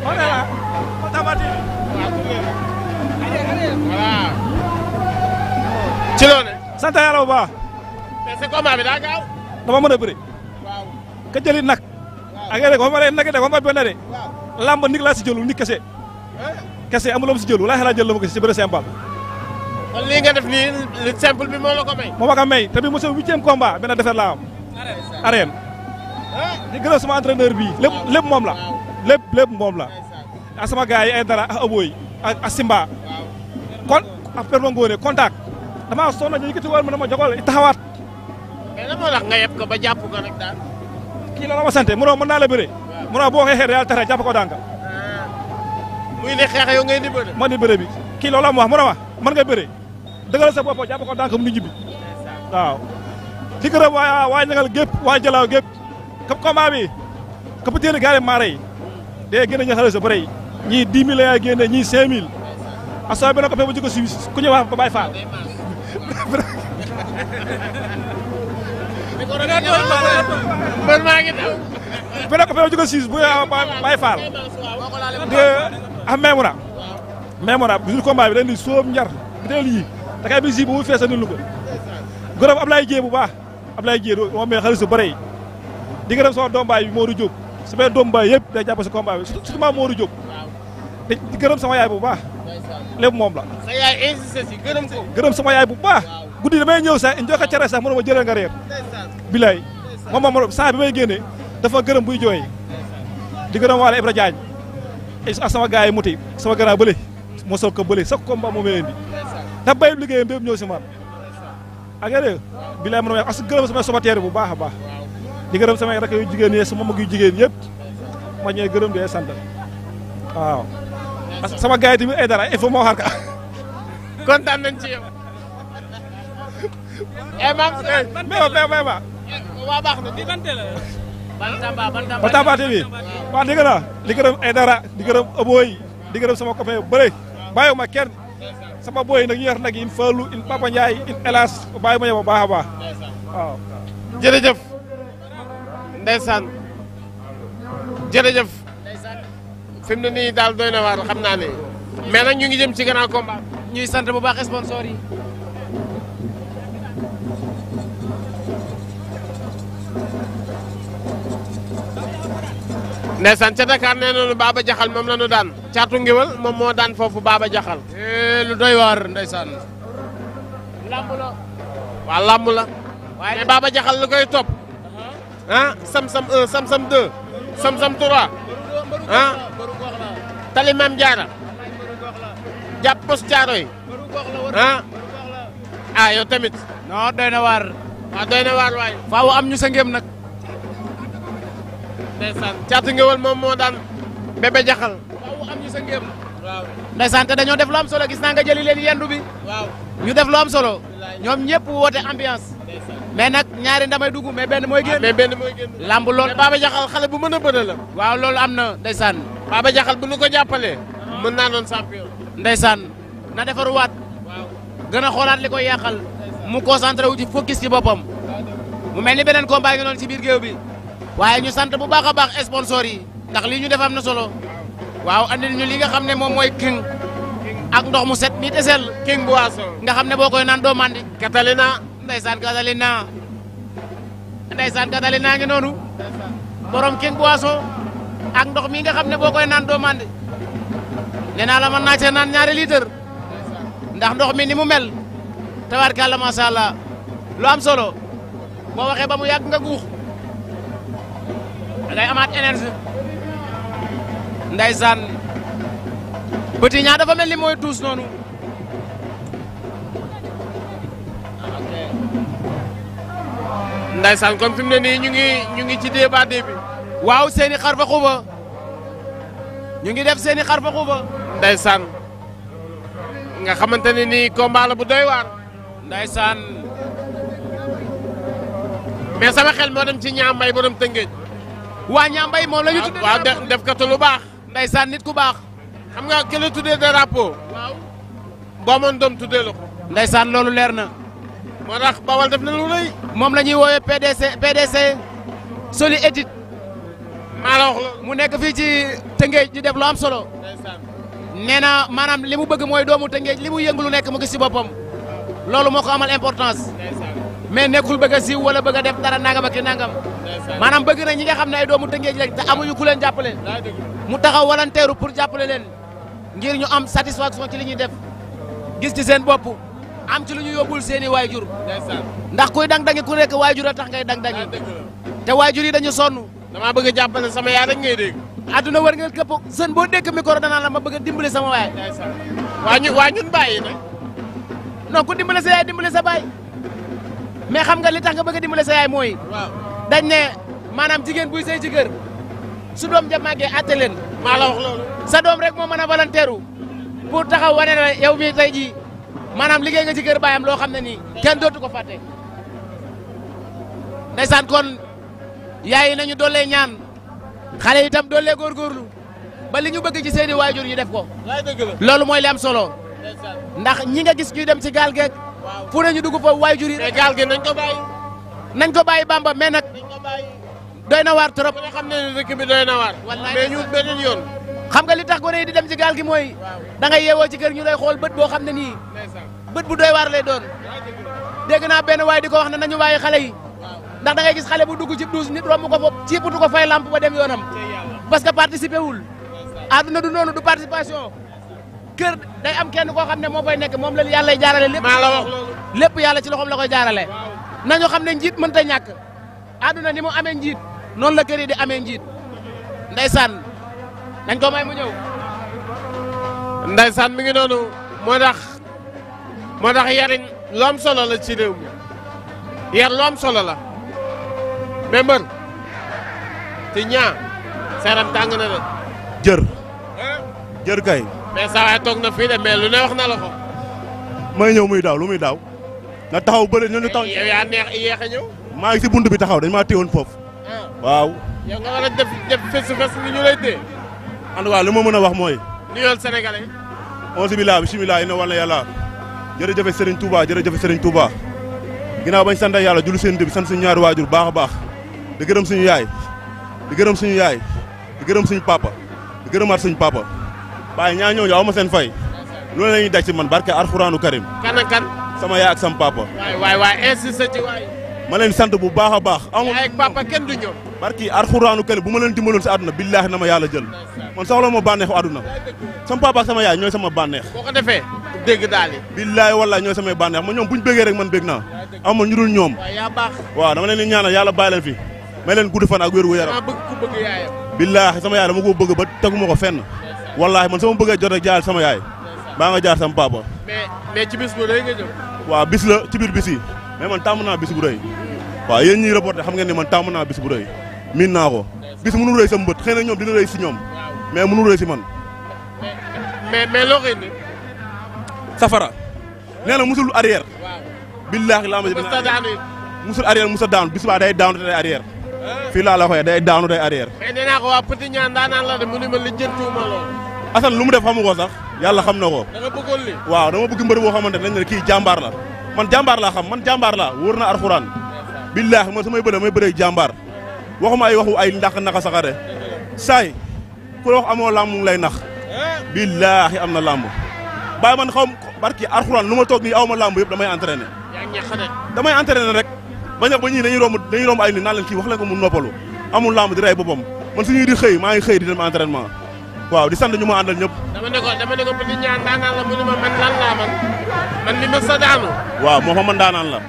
on est là on t'a battu. voilà. a bëri. waaw ka jëli nag. ak yéen a ko fa nag de ko fa benn de. waaw làmb laa si jëlul kese. kese amuloo si laa xalaat jël la ma ko si lii nga def li simple bi moo la moo ma ko te bii monsieur huitième combat benn defar laa am. arène. di gërëm sama bii lépp lépp moom la. lépp lépp mboom la ak sama gars yi ay dara ak aboy ak simba kon ak perma ngóone contact damaa sonn ñu yëkkati woon ma dama jogal taxawaat mais lan moo tax nga yeb ko ba jàpp ko rek daal kii la la ma sant mënoo mën naa la bëre ko daan mu ah. muy ne xeex yow ngay di bëre kii loolu am wax mënoo wax mën nga bëre dëggal sa bopp jàpp ko daan ka mu ngi ñibbi waaw di gërëm waa waa ñangal gépp waa jalaaw gépp comme combat gaari maare yi day génne ñoo xale sa bëre yi ñii 10 000 la génne ñii 5 000 aso bi na ko fe ba jikko si ku ñëw wax ko bàyyi faal man maa ngi taw ba na ko fe ba jikko siis bu bàyyi faal de am ah, memoura memoura bu jour combat bi dañ di sóob njar bi teel yi da kay bi si bu mu feesa ni lu ko gërëm Ablaye Dieye bu baax Ablaye Dieye moom mee xalis su bëre yi di gërëm sama doom baay bi Modou Diop sama doomu baay yëpp day jàpp si combat bi surtout maa Modou Diop. di gërëm sama yaay bu baax. lépp moom la. sa yaay gërëm sama yaay bu baax. guddi damay ñëw sa njoo ko sa sax mu ne ma jëlee nga bilaay moom moom la saa bi ma génnee dafa gërëm bu jooy. di gërëm waale Ibra Diagne. ak yi muti sama grand bële moo soog ko bële sa combat moom leen di. ndax béyum liggéeyam bépp ñëw si man. ak bilaay ma ma as gërëm sama sobateer bu baax a baax di gërëm samay rakk sama mag yu jigéen yëpp ma ñëwee gërëm di sant waaw sama gars yi tamit ay dara il faut ma waxaat eh, ma eh, waa baax na ban télé la. ban Tamba ban sama copain bu bëre bàyyiwuma kenn sama booy nag ñu yor nag in Fallou in Papa Ndiaye in a ndeysaan jërëjëf fi na ne nii daal doy na waar xam naa ne mais nag ñu ngi jëm ci grand combat ñuy sant bu baax sponsor yi ndeysaan ca Dakar nee nañu Baba Jaxal moom la ñu daan caatu ngiwal moom moo daan foofu Baba Jaxal eh, lu doy waar ndeysaan lamb la waa lamb la waaye Baba Jaxal lu koy topp ah Samsam 1 Samsam 2 Samsam 3 ah Tali Jaara jàpp pos caaro yi ah ah yow tamit. non doy na waar. waaw ah, doy na waar waay. faaw am ñu sa ngéem nag. ndeysaan caatu moom moo daan bébé jaxal. faaw am ñu sa ngéem. dañoo def lu am solo gis naa nga jëli leen yendu bi. ñu def loo am solo. ñoom ñëpp woote ambiance. mais nag ñaari ndamay dugg mais benn mooy génn. Ah, mais benn mooy génn. lamb loolu mais Baba Jaxal xale bu mën a bëre la. waaw loolu am na ndeysaan. Baba Jaxal bu nu ko jàppalee. mën naa doon champion. san na defaruwaat. waaw gën a xoolaat li ko yàqal. mu concentré wu ci focus ci boppam. mu mel ni beneen ko ngi noonu ci biir géew bi. waaye ñu sant bu baax a baax sponsor yi. ndax lii ñu def am na solo. waaw andil ñu li nga xam ne moom mooy king. ak ndox mu set nit esel king boisson. nga xam ne ndeysaan Catalina ndeysaan Catalina ngi noonu borom king boisson ak ndox mi nga xam ne boo koy naan doo màndi nee naa la mën naa cee naan ñaari litre ndax ndox mi ni mu mel tabaarkalla macha allah lu am solo boo waxee ba mu yàgg nga guux dangay amaat énergie ndeysaan petit ñaa dafa mel ni mooy tuus noonu ndaysaan comme fi mu ne nii ñu ngi ñu ngi ci débat bi waaw seeni i xar fa ñu ngi def seeni i xar fa xuba ndaysaan nga xamante ne ni combat la bu doy waar ndaysaan mais sama xel moo dem ci ñaambay borom tëngéej waa ñaambay moom la ñu ah, tuddee waaw def katu lu baax ndaysaan nit ku baax xam nga ki tuddee drapeau waaw boo la ko ndaysaan loolu leer na moo tax Bawal def na lu rëy. moom la ñuy woowee PDC PDC Soli Edit. maa la mu nekk fii ci Tëngéej di def lu am solo. nee na maanaam li mu bëgg mooy doomu Tëngéej li mu yëngu lu nekk mu gis si boppam. loolu moo ko amal importance. mais nekkul bëgg a siiw wala bëgg a def dara nangam ak nangam. maanaam bëgg na ñi nga xam ne ay doomu Tëngéej lañ te amuñu ku leen jàppale. mu taxaw walanteeru pour jàppale leen ngir ñu am satisfaction ci li ñuy def gis ci seen bopp. am ci lu ñu yóbbul seen i waajur ndax kuy dang-dangi ku nekk waajur a tax ngay dang-dangi ah, te waajur yi dañu sonn damaa bëgg a jàppale sama yaay rek ngay dégg adduna war ngeen këpp sën boo dékk micro danaa la ma bëgg a dimbali sama waay waa ñu waa ñun bàyyi nag non ku dimbale sa yaay dimbale sa baay mais xam nga li tax nga bëgg a dimbale sa yaay mooy dañ ne maanaam jigéen buy sëy ci kër su doom ja màggee atte leen maa la wax loolu sa doom rek moo mën a volontaire pour taxaw wane na yow tey jii maanaam liggéey nga ci kër baayam loo xam ne nii kenn dootu ko fàtte ndeysaan kon yaay yi nañu doole ñaan xale yi itam doole góorgóorlu ba li ñu bëgg ci seeni waajur yi def ko loolu mooy li am solo ndax ñi nga gis ñuy dem si gaal geeg fu ne ñu dugg fa waajur yi nañ ko bàyyi nañ ko bàyyi bamba mais nag doy na waar trop xam ne dëkk bi doy na waar xam nga li tax gone yi di dem ci gaal gi mooy da ngay yeewoo ci kër ñu lay xool bët boo xam ne nii bët bu doy waar lay doon dégg naa benn waay di ko wax ne nañu waaye xale yi ndax da ngay gis xale bu dugg ci douze nit romb ko foofu ciiputu ko fay lamp ba dem yoonam parce que participer wul àdduna du noonu du participation kër day am kenn koo xam ne moo fay nekk moom la yàlla lay jaarale lépp maa la wax lépp yàlla ci loxoom la koy jaarale nañu xam ne njiit mënta ñàkk àdduna ni mu amee njiit noonu la kër yi di amee njiit ndeysaan dañ ko may mu ñëw ndaysaan mi ngi noonu moo moo tax yariñ solo la ci réew mi yar lu am solo la mais mbër ci ñaa seeram tàng na de jër jër kay mais saa toog na fii de mais lu ne wax na la ko may ñëw muy daaw lu muy daaw na taxaw bëri nu taxaw yow yaa neex yéex a ñëw maa ngi si bunt bi taxaw dañ maa téewoon foofu ah. waaw yow nga war a def def fesu ñu lay téye en tout cas li ma mën a wax mooy. nuyool sénégalais. onze billah bismillah inna wala yàlla jërëjëf Serigne Touba jërëjëf sëriñ Touba ginnaaw bañ santa yàlla julli seen bi sant suñu ñaari waajur baax a baax di gërëm suñu yaay di gërëm suñu yaay di gërëm suñu papa di gërëmaat suñu papa waaye ñaa ñooñu aw ma seen fay loolu la ñuy daj ci man barke Alxuraanu Karim. kan kan. sama yaay ak sama papa. waay ma leen sant bu baax a baax. amul ak barki arxuraanu kër bu ma leen dimbaloon si àdduna billaahi na ma yàlla jël man soxla ma bànneexu àdduna sama papa ak sama yaay ñooy sama bànneex boo ko defee dégg daal billaahi wallaahi ñooy samay bànneex man ñoom buñu bëggee rek man bëgg naa ma ñu dul ñoom waaw dama leen di ñaanal yàlla bàyyi leen fi may leen gudd fan ak wér gu yaram billaahi sama yaay dama ko bëgg ba teguma ko fenn wallaahi man sama bëggee jot rek sama yaay baa nga jaar sama papa mais ci bis bu rëy nga jëm waaw ci biir bis mais man tàmm naa bis bu rëy waaw yéen ñiy reporté xam ngeen ne man tàmm naa bis bu rëy miin naa ko bis mënu rëy sa mbët xëy na ñoom dina rëy si ñoom mais mënu rëy si man. mais mais loo xëy safara nee na musul arrière. waaw billaahi laa ma ji. musul daanu musul arrière bis baa day daanu te day arrière. Ah. laa la koy day daanu day arrière. mais nee naa ko waa Petit Niang la de mu ne ma lijjantiwuma lool. Assane lu mu def xamu ko sax yàlla xam na ko. da waaw dama bëgg mbër boo xamante ne kii jàmbaar la man jàmbaar laa xam man jàmbaar laa wóor na arxuraan. billaahi man samay bëre may bëree jàmbaar waxuma ay waxu ay ndax naka saxare saay ku la wax amoo làmb mu ngi lay nax billaahi am na làmb bàyyi man xaw barki arxuraan lu ma toog nii aw ma làmb yëpp damay entraîné damay entraîné rek ba ña ba ñii dañuy romb dañuy romb ay ni naan leen kii wax leen ko mu noppalu amul làmb di rey boppam man suñuy di xëy maa ngi xëy di dem entraînement waaw di sant ñu ma àndal ñëpp dama ne ko dama ne ko mën ñaan la mu ne ma man lan laa man man ma sa waaw moo fa man daanaan la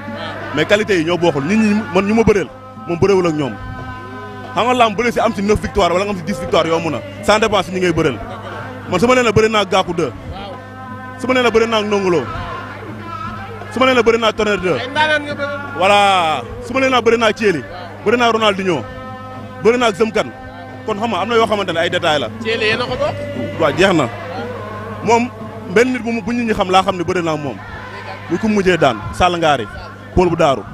mais qualité yi ñoo bokkul nit man ñu ma bëreel moom bëreewul ak ñoom xam nga lamb si am si 9 victoire wala nga am si 10 victoire yomb na ça dépend si ñi ngay bëreel man su ma nee la bëri naa Gackou 2 su ma nee naa Ndongo Lo su ma nee la naa Tonnerre 2 voilà su ma nee la bëri naa Thiély bëri naa Ronaldinho bëri kon xam nga am na yoo xamante ne ay détails la. Thiély jeex na moom benn nit bu bu xam laa xam ne bëri naa moom. bu ko mujjee daan Sall Ngaari Paul bu daaru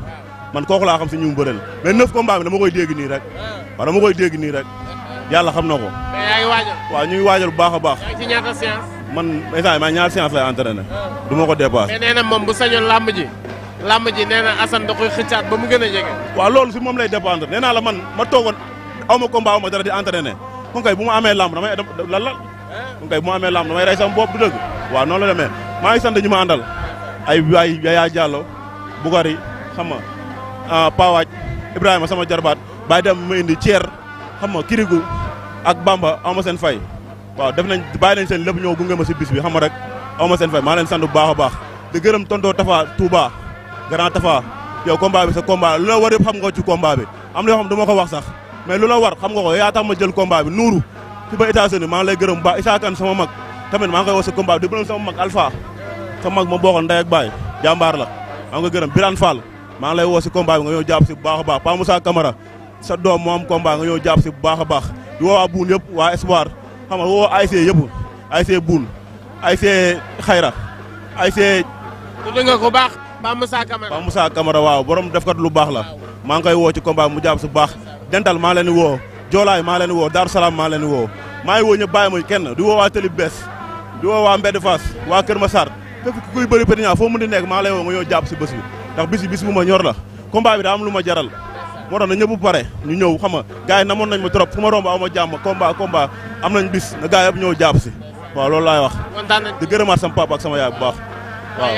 man kooku laa xam si ñu mu bëreel mais neuf combat bi dama koy dégg nii rek ah. waaw dama koy dégg rek yàlla xam na ko. mais yaa waajal. waaw ñu ngi waajal bu baax a baax. yaa ngi ci ñaata séance. man instant maa ñaar séance lay entraîné. Ah. du ma ko dépassé. mais nee na moom bu sañoon làmb ji. làmb ji nee na Assane da koy xëccaat ba mu gën a jege. waaw loolu si moom lay dépendre nee naa la man ma toogoon aw ma combat aw ma dara di entraîné kon kay bu amee làmb damay lan la. Ah. kon kay bu ma amee làmb damay rey sama bopp du dëgg. waaw noonu la demee maa ngi sant ñu ma àndal ay ay Yaya Diallo Bugari xam nga Ah, Pawaaj Ibrahima sama jarbaat bàyyi dem ma indi Thier xam ma Kirigu ak Bamba aw ma seen fay waaw def nañ bàyyi nañ seen lépp ñëw gunge si bis bi xam nga rek aw ma seen fay maa leen sant bu baax a baax di gërëm tontoo Tafa Touba grand Tafa yow combat bi sa combat lu la war yëpp xam nga ci combat bi am na yoo xam du ma ko wax sax mais lu la war xam nga ko yaa tax ma jël combat bi nuuru fi ba États-Unis maa ngi gërëm baax Issa Kane sama mag tamit maa ngi koy wax sa combat bi di mag ma bokkal ndey baay jàmbaar la maa ngi gërëm Birane Fall maa ngi lay woo si combat bi nga ñëw jàpp si bu baax a baax Pa Moussa sa doom moo am combat jàpp si bu baax a baax di woo waa Buun yëpp waa Espoir xam nga woo ASC yëpp ASC Buun ASC Xayra ASC. tudd nga ko baax Pa Moussa Camara Pa Moussa Camara waaw borom defkat lu baax la maa ngi koy woo ci combat bi mu jàpp si bu baax dental maa leen di woo Joolaay maa leen di woo Daaru Salaam maa leen woo maa ngi woo ñëpp kenn di woo waa Tali Bees di woo waa Mbedd Fass waa Kër Massar képp kuy bëri pétiñaa foo nekk maa lay woo jàpp si bés bi ndax bis bisi bu ma ñor la combat bi daa am lu ma jaral moo tax na ñëpp pare ñu ñëw xam nga gars yi namoon nañ ma trop fu ma romb aw ma jàmm combat combat am nañ bis na gars yëpp ñëw jàpp si waaw laay wax di gërëmaat sama papa ak sama yaay bu baax waaw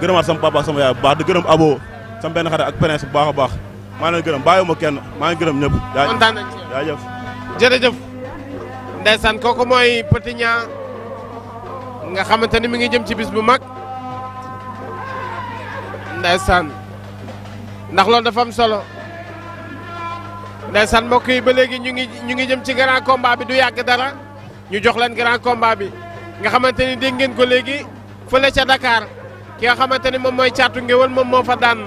gërëmaat sama papa ak sama yaay bu baax di gërëm abo sama benn xarit ak prince bu baax a baax maa leen gërëm bàyyiwuma kenn maa ngi gërëm ñëpp kontaan nañ jaajëf jërëjëf ndeysaan kooku mooy Petit Niang xamante ni mi ngi jëm ci bis bu mag ndeysaan ndax loolu dafa am solo ndeysaan mbokk yi ba léegi ñu ngi ñu ngi jëm ci grand combat bi du yàgg dara ñu jox leen grand combat bi nga xamante ni dégg ngeen ko léegi fële ca Dakar ki nga xamante ni moom mooy caatu ngéwël moom moo fa daan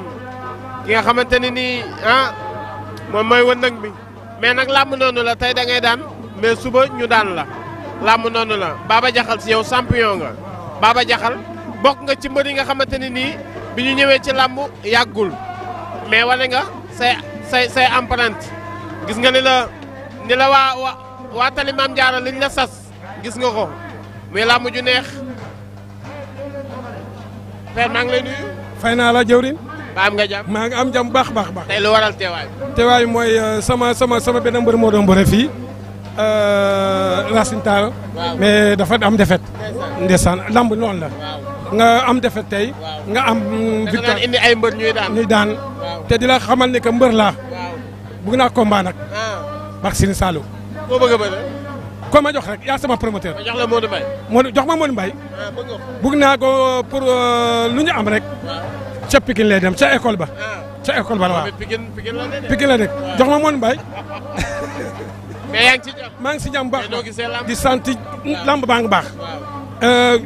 ki nga xamante ni nii ah moom mooy wëndëng bi mais nag làmb noonu la tey da ngay daan mais suba ñu daan la làmb noonu la Baba Jaxal si yow champion nga Baba Jaxal ni bi ñu ñëwee ci làmb yàggul mais wane nga say say say empreinte gis nga ni la ni la waa waa waa tali a jaara liñ la sas gis nga ko muy làmb ju neex père maa ngi lay naa la jëwrin ba nga jàmm maa ngi am jàmm baax baax baax. tey lu waral teewaay. teewaay mooy euh, sama sama sama benn mbër moo doom bëre fii euh, Racine Tall. mais dafa am defet. ndeysaan lamb noonu la. nga am defet tey nga am victoire indi ay mbër ñuy daan ñuy daan te di la xamal ne que mbër laa bëgg naa combat nag bark ah. Sini Sallou koo bëgg a bëri ma jox rek yaa sama promoteur ma jox la Modou Mbaye jox ma Modou Mbaye ah, bëgg naa ko pour euh, lu ñu am rek ca Pikine lay dem ca école ba ah. ca école ba la waaw Pikine la nekk jox ma Modou Mbaye mais yaa ngi ci jàmm maa ngi si jàmm baax di sant lamb baa ngi baax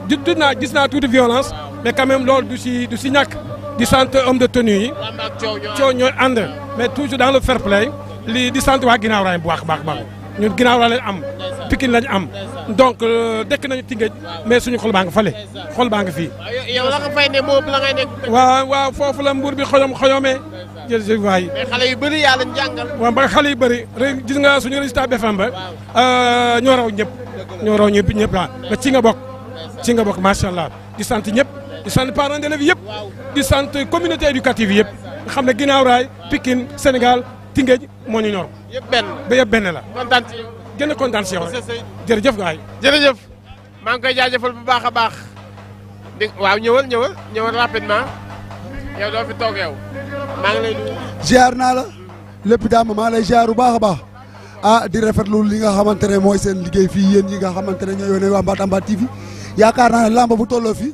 juddu euh, naa gis naa tuuti violence mais quand loolu du si du si ñàkk di sant homme de tenue yi coow ñooy ànd mais toujours dans le fair play li di sant waa ginnaaw bu baax baax baax ñun ginnaaw raay am Pikine lañ am donc euh, dëkk nañu Tëngéej mais suñu xol baa nga fale xol baa nga fii. la nga fay ne moom la ngay nekk. waaw waaw foofu la mbuur bi xoyom xoyomee jërëjëf waay. mais xale yu bëri yaa la jàngal. waaw ba xale yu bëri gis nga suñu résultat BFM ba euh, ñoo raw ñëpp. ñoo raw ñëpp ñëpp ba ci nga bokk. ci nga bokk macha allah di sant ñëpp di sant parents d'élèves yëpp di sant communauté éducative yëpp nga xam ne ginnaaw raay Pikine Sénégal Tingéej moo ñu ñor. yëpp benn benn la. kontaan ci yow ci yow rek jërëjëf gaay jërëjëf maa ngi koy jaajëfal bu baax a baax. di waaw ñëwal ñëwal ñëwal rapidement yow toog yow maa ngi naa la lépp daama maa lay ziar bu baax a baax. ah di rafetlu li nga xamante ne mooy seen liggéey fii yéen yi nga xamante ne ñooy wane waa Mbatamba TV yaakaar naa ne làmb bu tolloo fi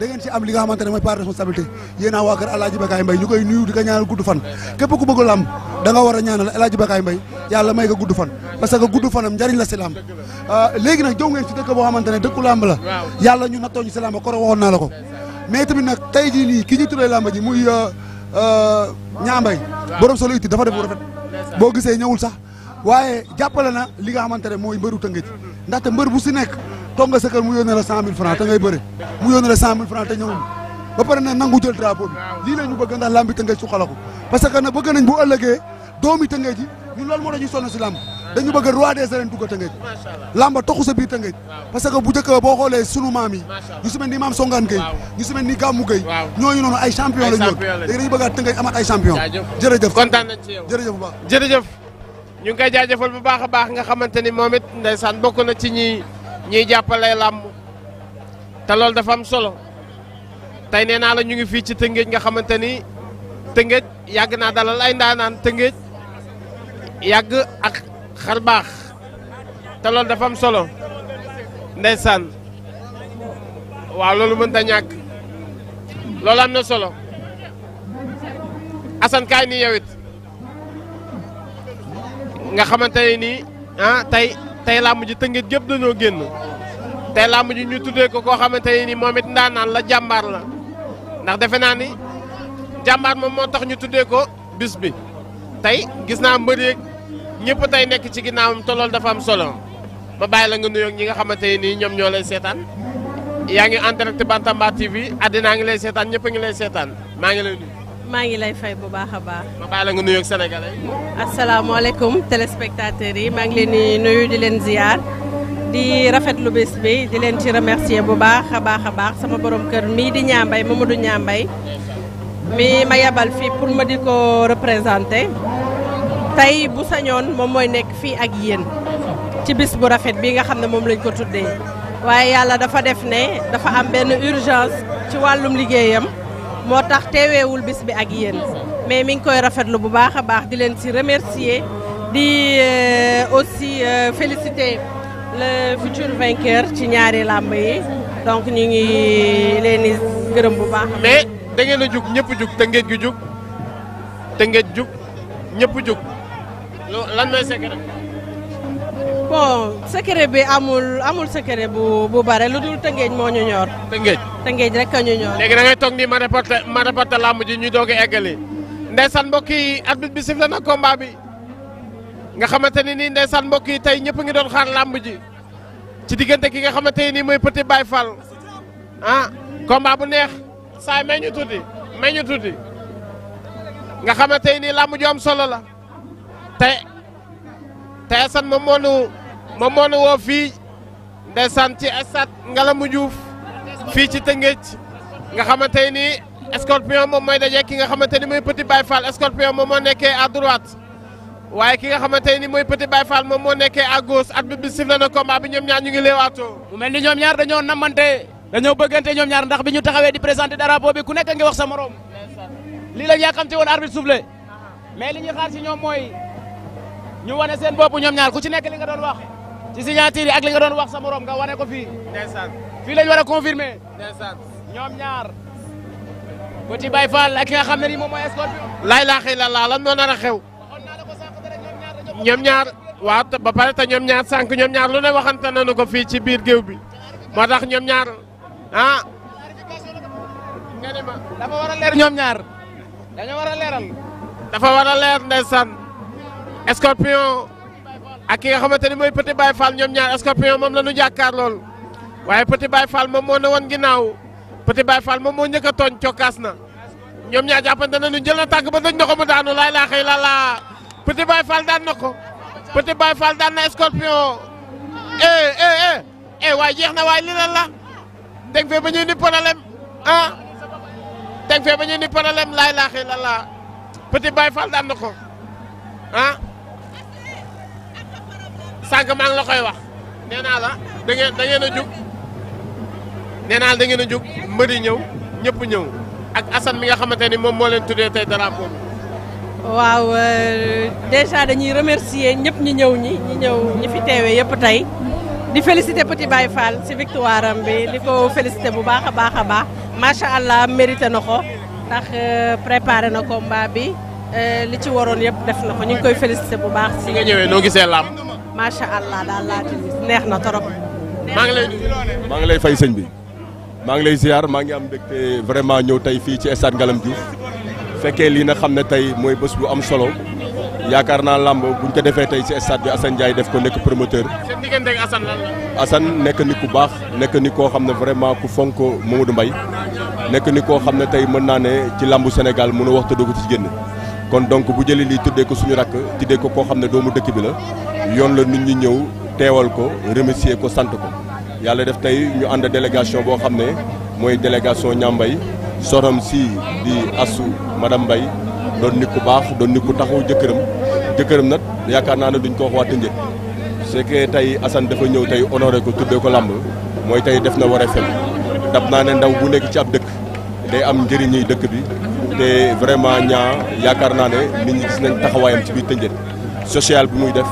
da ngeen ci am li nga xamante ne mooy par de responsabilité yéen a waa kër El Hadj Bakaye Mbaye ñu koy nuyu di ko ñaanal gudd fan képp ku bëgg làmb da war a ñaanal El Hadj Bakaye Mbaye yàlla may gudd fan parce que gudd fanam njariñ la si làmb euh, léegi nag jow ngeen ci dëkk boo xamante ne dëkku làmb la yàlla ñu nattoo ñu si làmb koro waxoon naa la ko mais tamit nag tey jii nii ki ñu tuddee làmb ji muy ñaambay euh, euh, borom solo itti dafa def rafet boo gisee ñëwul sax waaye jàppale na li nga xamante ne mooy mbëru tëngëj ndaxte mbër bu si nekk toog nga mu yónnee la cent mille franc te ba pare ne nangu jël drapeau bi lii la ñu bëgg ndax lambi tëngëj su xalaku parce que na bëgg nañ bu ëllëgee doomi tëngëj ji loolu moo dañuy sonn si lamb dañu bëgg roi des arènes dugg tëngëj lamba toxu sa biir tëngëj parce que bu njëkk boo xoolee sunu maam yi ñu si mel maam songaan gay ñu si ni gàmmu gay ñooñu noonu ay champion la ñu dañu bëggaat tëngëj amat ay champion jërëjëf ñuy jàppale làmb te loolu dafa am solo tey nee naa la ñu ngi fii ci Tëngéej nga xamante ni Tëngéej yàgg naa dalal ay ndaanaan Tëngéej yàgg ak xar baax te loolu dafa am solo ndeysaan waaw loolu mënta ñàkk loolu am na solo Assane kaay nii yow nga xamante ne nii ah, tey. tey làmb ji tëngeet gépp dañoo génn tey làmb ji ñu tuddee ko koo xamante ne ni moom it ndaanaan la jàmbaar la ndax defe naa ni jàmbaar moom moo tax ñu tuddee ko bis tey gis naa mbër yeeg ñëpp tey nekk ci ginnaawam te loolu dafa am solo ma bàyyi la nga nuyoog ñi nga xamante ne nii ñoom ñoo lay seetaan yaa ngi en direct Bantamba TV àddina a ngi lay seetaan ñëpp a ngi lay seetaan maa ngi lay nuyu. maa ngi lay fay bu baax a baax. ma bàyyi la nga nuyoog sénégalais. asalaamaaleykum téléspectateurs yi maa ngi leen di nuyu di leen ziar di rafet lu bés bi di leen ci remercier bu baax a baax a baax sama boroom kër mii di ñaambay du ñaambay mi ma yebal fii pour ma di ko représenté tey bu sañoon moom mooy nekk fii ak yéen ci bis bu rafet bi nga xam ne moom lañ ko tuddee waaye yàlla dafa def ne dafa am benn urgence ci wàllum liggéeyam. moo tax teeweewul bis bi ak yéen mais mi ngi koy rafet rafetlu bu baax a baax di leen si remercier di euh, aussi euh, féliciter le futur vainqueur ci ñaari làmb yi donc ñu ngi leen di gërëm bu baax. mais da ngeen a jug ñëpp jug tëngeej gi jug tëngeej jug ñëpp jug lan mooy bon secret bi amul amul secret bu bu bare lu dul tëngeej moo ñu ñor. tëngeej tëngeej rek ka ñu ñor. léegi dangay ngay toog nii ma reporté ma reporté làmb ji ñu doog a eggali ndeysaan mbokk yi arbitre bi sifflé na combat bi nga xamante ni nii ndeysaan mbokk yi tey ñëpp ngi doon xaar làmb ji ci diggante ki nga xamante ni nii mooy Petit bay fal ah combat bu neex saay may ñu tuuti may ñu tuuti nga xamante ni làmb ju am solo la tey. te Assane moom moo nu moom moo nu woo fii ndeysaan ci stade Ngalandou Diouf fii ci Tëngéej nga xamante ni Scorpion moom mooy daje ki nga xamante ni mooy Petit Baye Fall Scorpion moom moo nekkee à droite waaye ki nga xamante ni mooy Petit Baye Fall moom moo nekke à gauche at bi bi sifflé na combat bi ñoom ñaar ñu ngi leewaatoo. mu mel ni ñoom ñaar dañoo namante dañoo bëggante ñoom ñaar ndax bi ñu taxawee di présenté drapeau bi ku nekk nga wax sa morom lii la ñu yàkkamti woon arbitre soufflé mais li ñu xaar ci mooy. ñu wane seen bopp ñoom ñaar ku ci nekk li nga doon wax ci signature yi ak li nga doon wax sa morom nga wane ko fii. ndeysaan fii lañ war a ñoom ñaar. Petit Baye Fall ak ki nga xam ne nii moom mooy Scorpion. laa ilaaha illallaah lan moo nar a xew. ñoom ñaar waaw ba pare te ñoom ñaar sànq ñoom ñaar lu ne waxante nañu ko fii ci biir géew bi moo tax ñoom ñaar ah. nga ne ma leer ñoom ñaar dañoo war leeral. dafa war leer ndeysaan. Scorpion ak ki nga xamante ni mooy Petit Baye Fall ñoom ñaar Scorpion moom la ñu jàkkaar lool waaye Petit Baye Fall moom moo ne woon ginnaaw Petit Baye Fall moom moo njëkk a tooñ cokkaas na ñoom ñaar jàppante nañu jël na tànk ba dëj na ko mu daanu laay laa xëy la laa Petit Baye Fall daan na ko Petit Baye daan na Scorpion eh eh eh eh jeex na waaye li lan la teg fee ba ñuy ni problème ah teg fee ba ñuy ni problème laay laa xëy la laa Petit daan na ah? sànq maa la koy wax nee la da ngeen a jug nee naa la da ngeen a jug mbër ñëw ñëpp ñëw ak Assane mi nga xamante ni moom moo leen tuddee tey drapeau bi. waaw euh, déjà dañuy remercier ñëpp ñi ñëw ñi ñëw ñi fi teewee yëpp tey di féliciter Petit Baye Fall ci victoire am bi di ko féliciter bu baax a baax a baax macha allah mérité na ko ndax euh, préparé na combat bi. Euh, li ci waroon yëpp def na ko ñu ngi koy félicité bu baax. si nga ñëwee noo gisee làmb. macha allah daal laa neex na trop. maa ngi lay fay sëñ bi maa ngi lay ziar maa ngi am mbégte vraiment ñëw tey fii ci stade Ngalam Diouf fekkee lii na xam ne tey mooy bés bu am solo yaakaar naa làmb buñ ko defee tey ci stade bi Assane Ndiaye def ko nekk promoteur. seen diggante ak Assane lan nekk nit ku baax nekk nit koo xam ne vraiment ku fonk du mbay nekk nit koo xam ne tey mën naa ne ci làmbu Sénégal mënu wax te dugg ci génn. kon donc bu jëlee lii tuddee ko suñu rakk tuddee ko koo xam ne doomu dëkk bi la yoon la nit ñi ñëw teewal ko remercier ko sant ko yàlla def tey ñu ànd délégation boo xam ne mooy délégation ñambay sorom si di asu madame Mbaye doon nit ku baax doon nit ku taxaw jëkkëram jëkkëram nag yaakaar naa ne duñ ko wax waat njëkk tey Assane dafa ñëw tey honoré ko tuddee ko làmb mooy tey def na wareefam dab naa ne ndaw bu nekk ci ab dëkk day am njëriñuy dëkk bi te vraiment ñaa yaakaar naa ne nit ñi gis nañ taxawaayam ci biir Tëngéej sociale bi muy def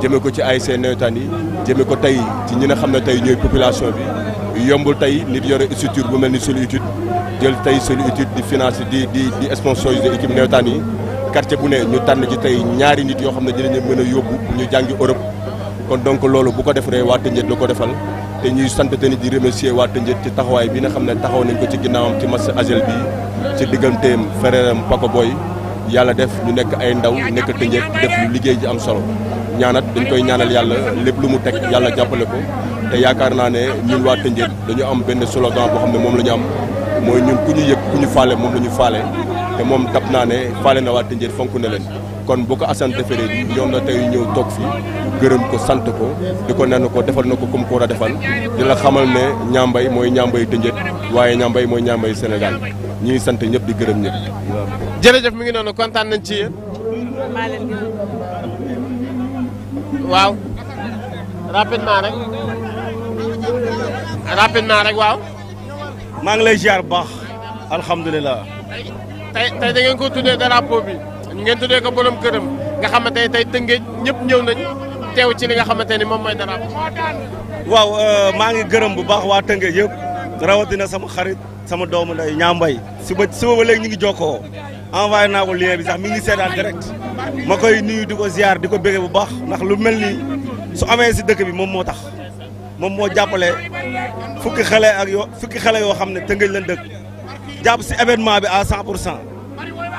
jëmee ko ci ay nawetaan yi jëmee ko tey ci ñi nga xam ne tey ñooy population bi yombul tey nit yore structure bu mel ni Solitude jël tey Solitude di financer di di di sponsoriser équipe nawetaan yi quartier bu ne ñu tànn ci tey ñaari nit yoo xam ne dinañu mën a yóbbu ñu jàngi Europe kon donc loolu bu ko def ree waa Tëngéej la ko defal te ñuy sant te ni di remercier waa Tëngéej ci taxawaay bi nga xam ne taxaw nañ ko ci ginnaawam ci match AJEL bi ci digganteem frère am Paco Boy yàlla def ñu nekk ay ndaw nekk Tëngéej def lu liggéey ji am solo ñaanat dañ koy ñaanal yàlla lépp lu mu teg yàlla jàppale ko te yaakaar naa ne ñun waa Tëngéej dañu am benn slogan boo xam ne moom la ñu am mooy ñun ku ñu yëg ku ñu faale moom la ñu faale te moom dab naa ne faale na waa Tëngéej fonk ne leen kon bu ko Assane deferee ñoom na tey ñëw toog fii gërëm ko sant ko di ko nen ko defal na ko comme ko war a defal di xamal ne ñambay mooy ñambay tënjët waaye ñambay mooy ñambay Sénégal ñi ngi sant ñëpp di gërëm ñëpp. jërëjëf mi ngi noonu kontaan nañ ci yéen. maa leen waaw. rapidement rek. rapidement rek waaw. maa ngi lay ziar bu baax. alhamdulilah. tey tey da ngeen ko tuddee drapeau bi. ñu ngeen tuddee ko borom këram nga xamante ne tey tëngéej ñëpp ñëw nañ teew ci li nga xamante ni moom mooy dara. waaw euh, maa ngi gërëm bu baax waa tëngéej yëpp rawatina sama xarit sama doomu nday ñaambay si suba ba léegi ñu ngi jokkoo envoyé naa ko lien bi sax mi ngi seetaan direct ma koy nuyu di ko ziar di ko bége bu baax ndax lu mel ni su amee si dëkk bi moom moo tax moom moo jàppale fukki xale ak yoo fukki xale yoo xam ne tëngéej lañ dëkk jàpp si événement bi à 100 pour cent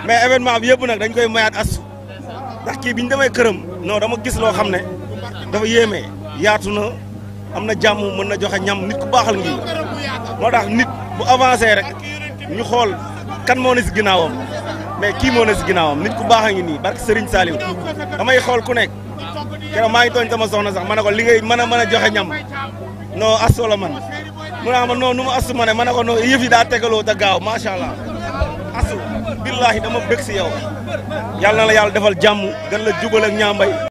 mais événement bi yëpp nag dañ koy mayaat astu ndax kii bi ñu demee këram non dama gis loo xam ne dafa yéeme yaatu na am na jàmm mën na joxe ñam nit ku baaxal ngi moo tax nit bu avancé rek ñu xool kan moo ne si ginnaawam mais kii moo ne si ginnaawam nit ku baax a ngi nii barke Serigne Saliou xool ku nekk maa ngi tooñ sama soxna sax ma ne ko li ngay mën a mën a joxe ñam noo astu la man mu naa ah, ma non nu ma astu ma ne ma ne ko non yëf yi daa tegaloo te gaaw macha allah. asu billaahi dama bëgg si yow yàlla na la yàlla defal jàmm gën la jubal ak ñaambay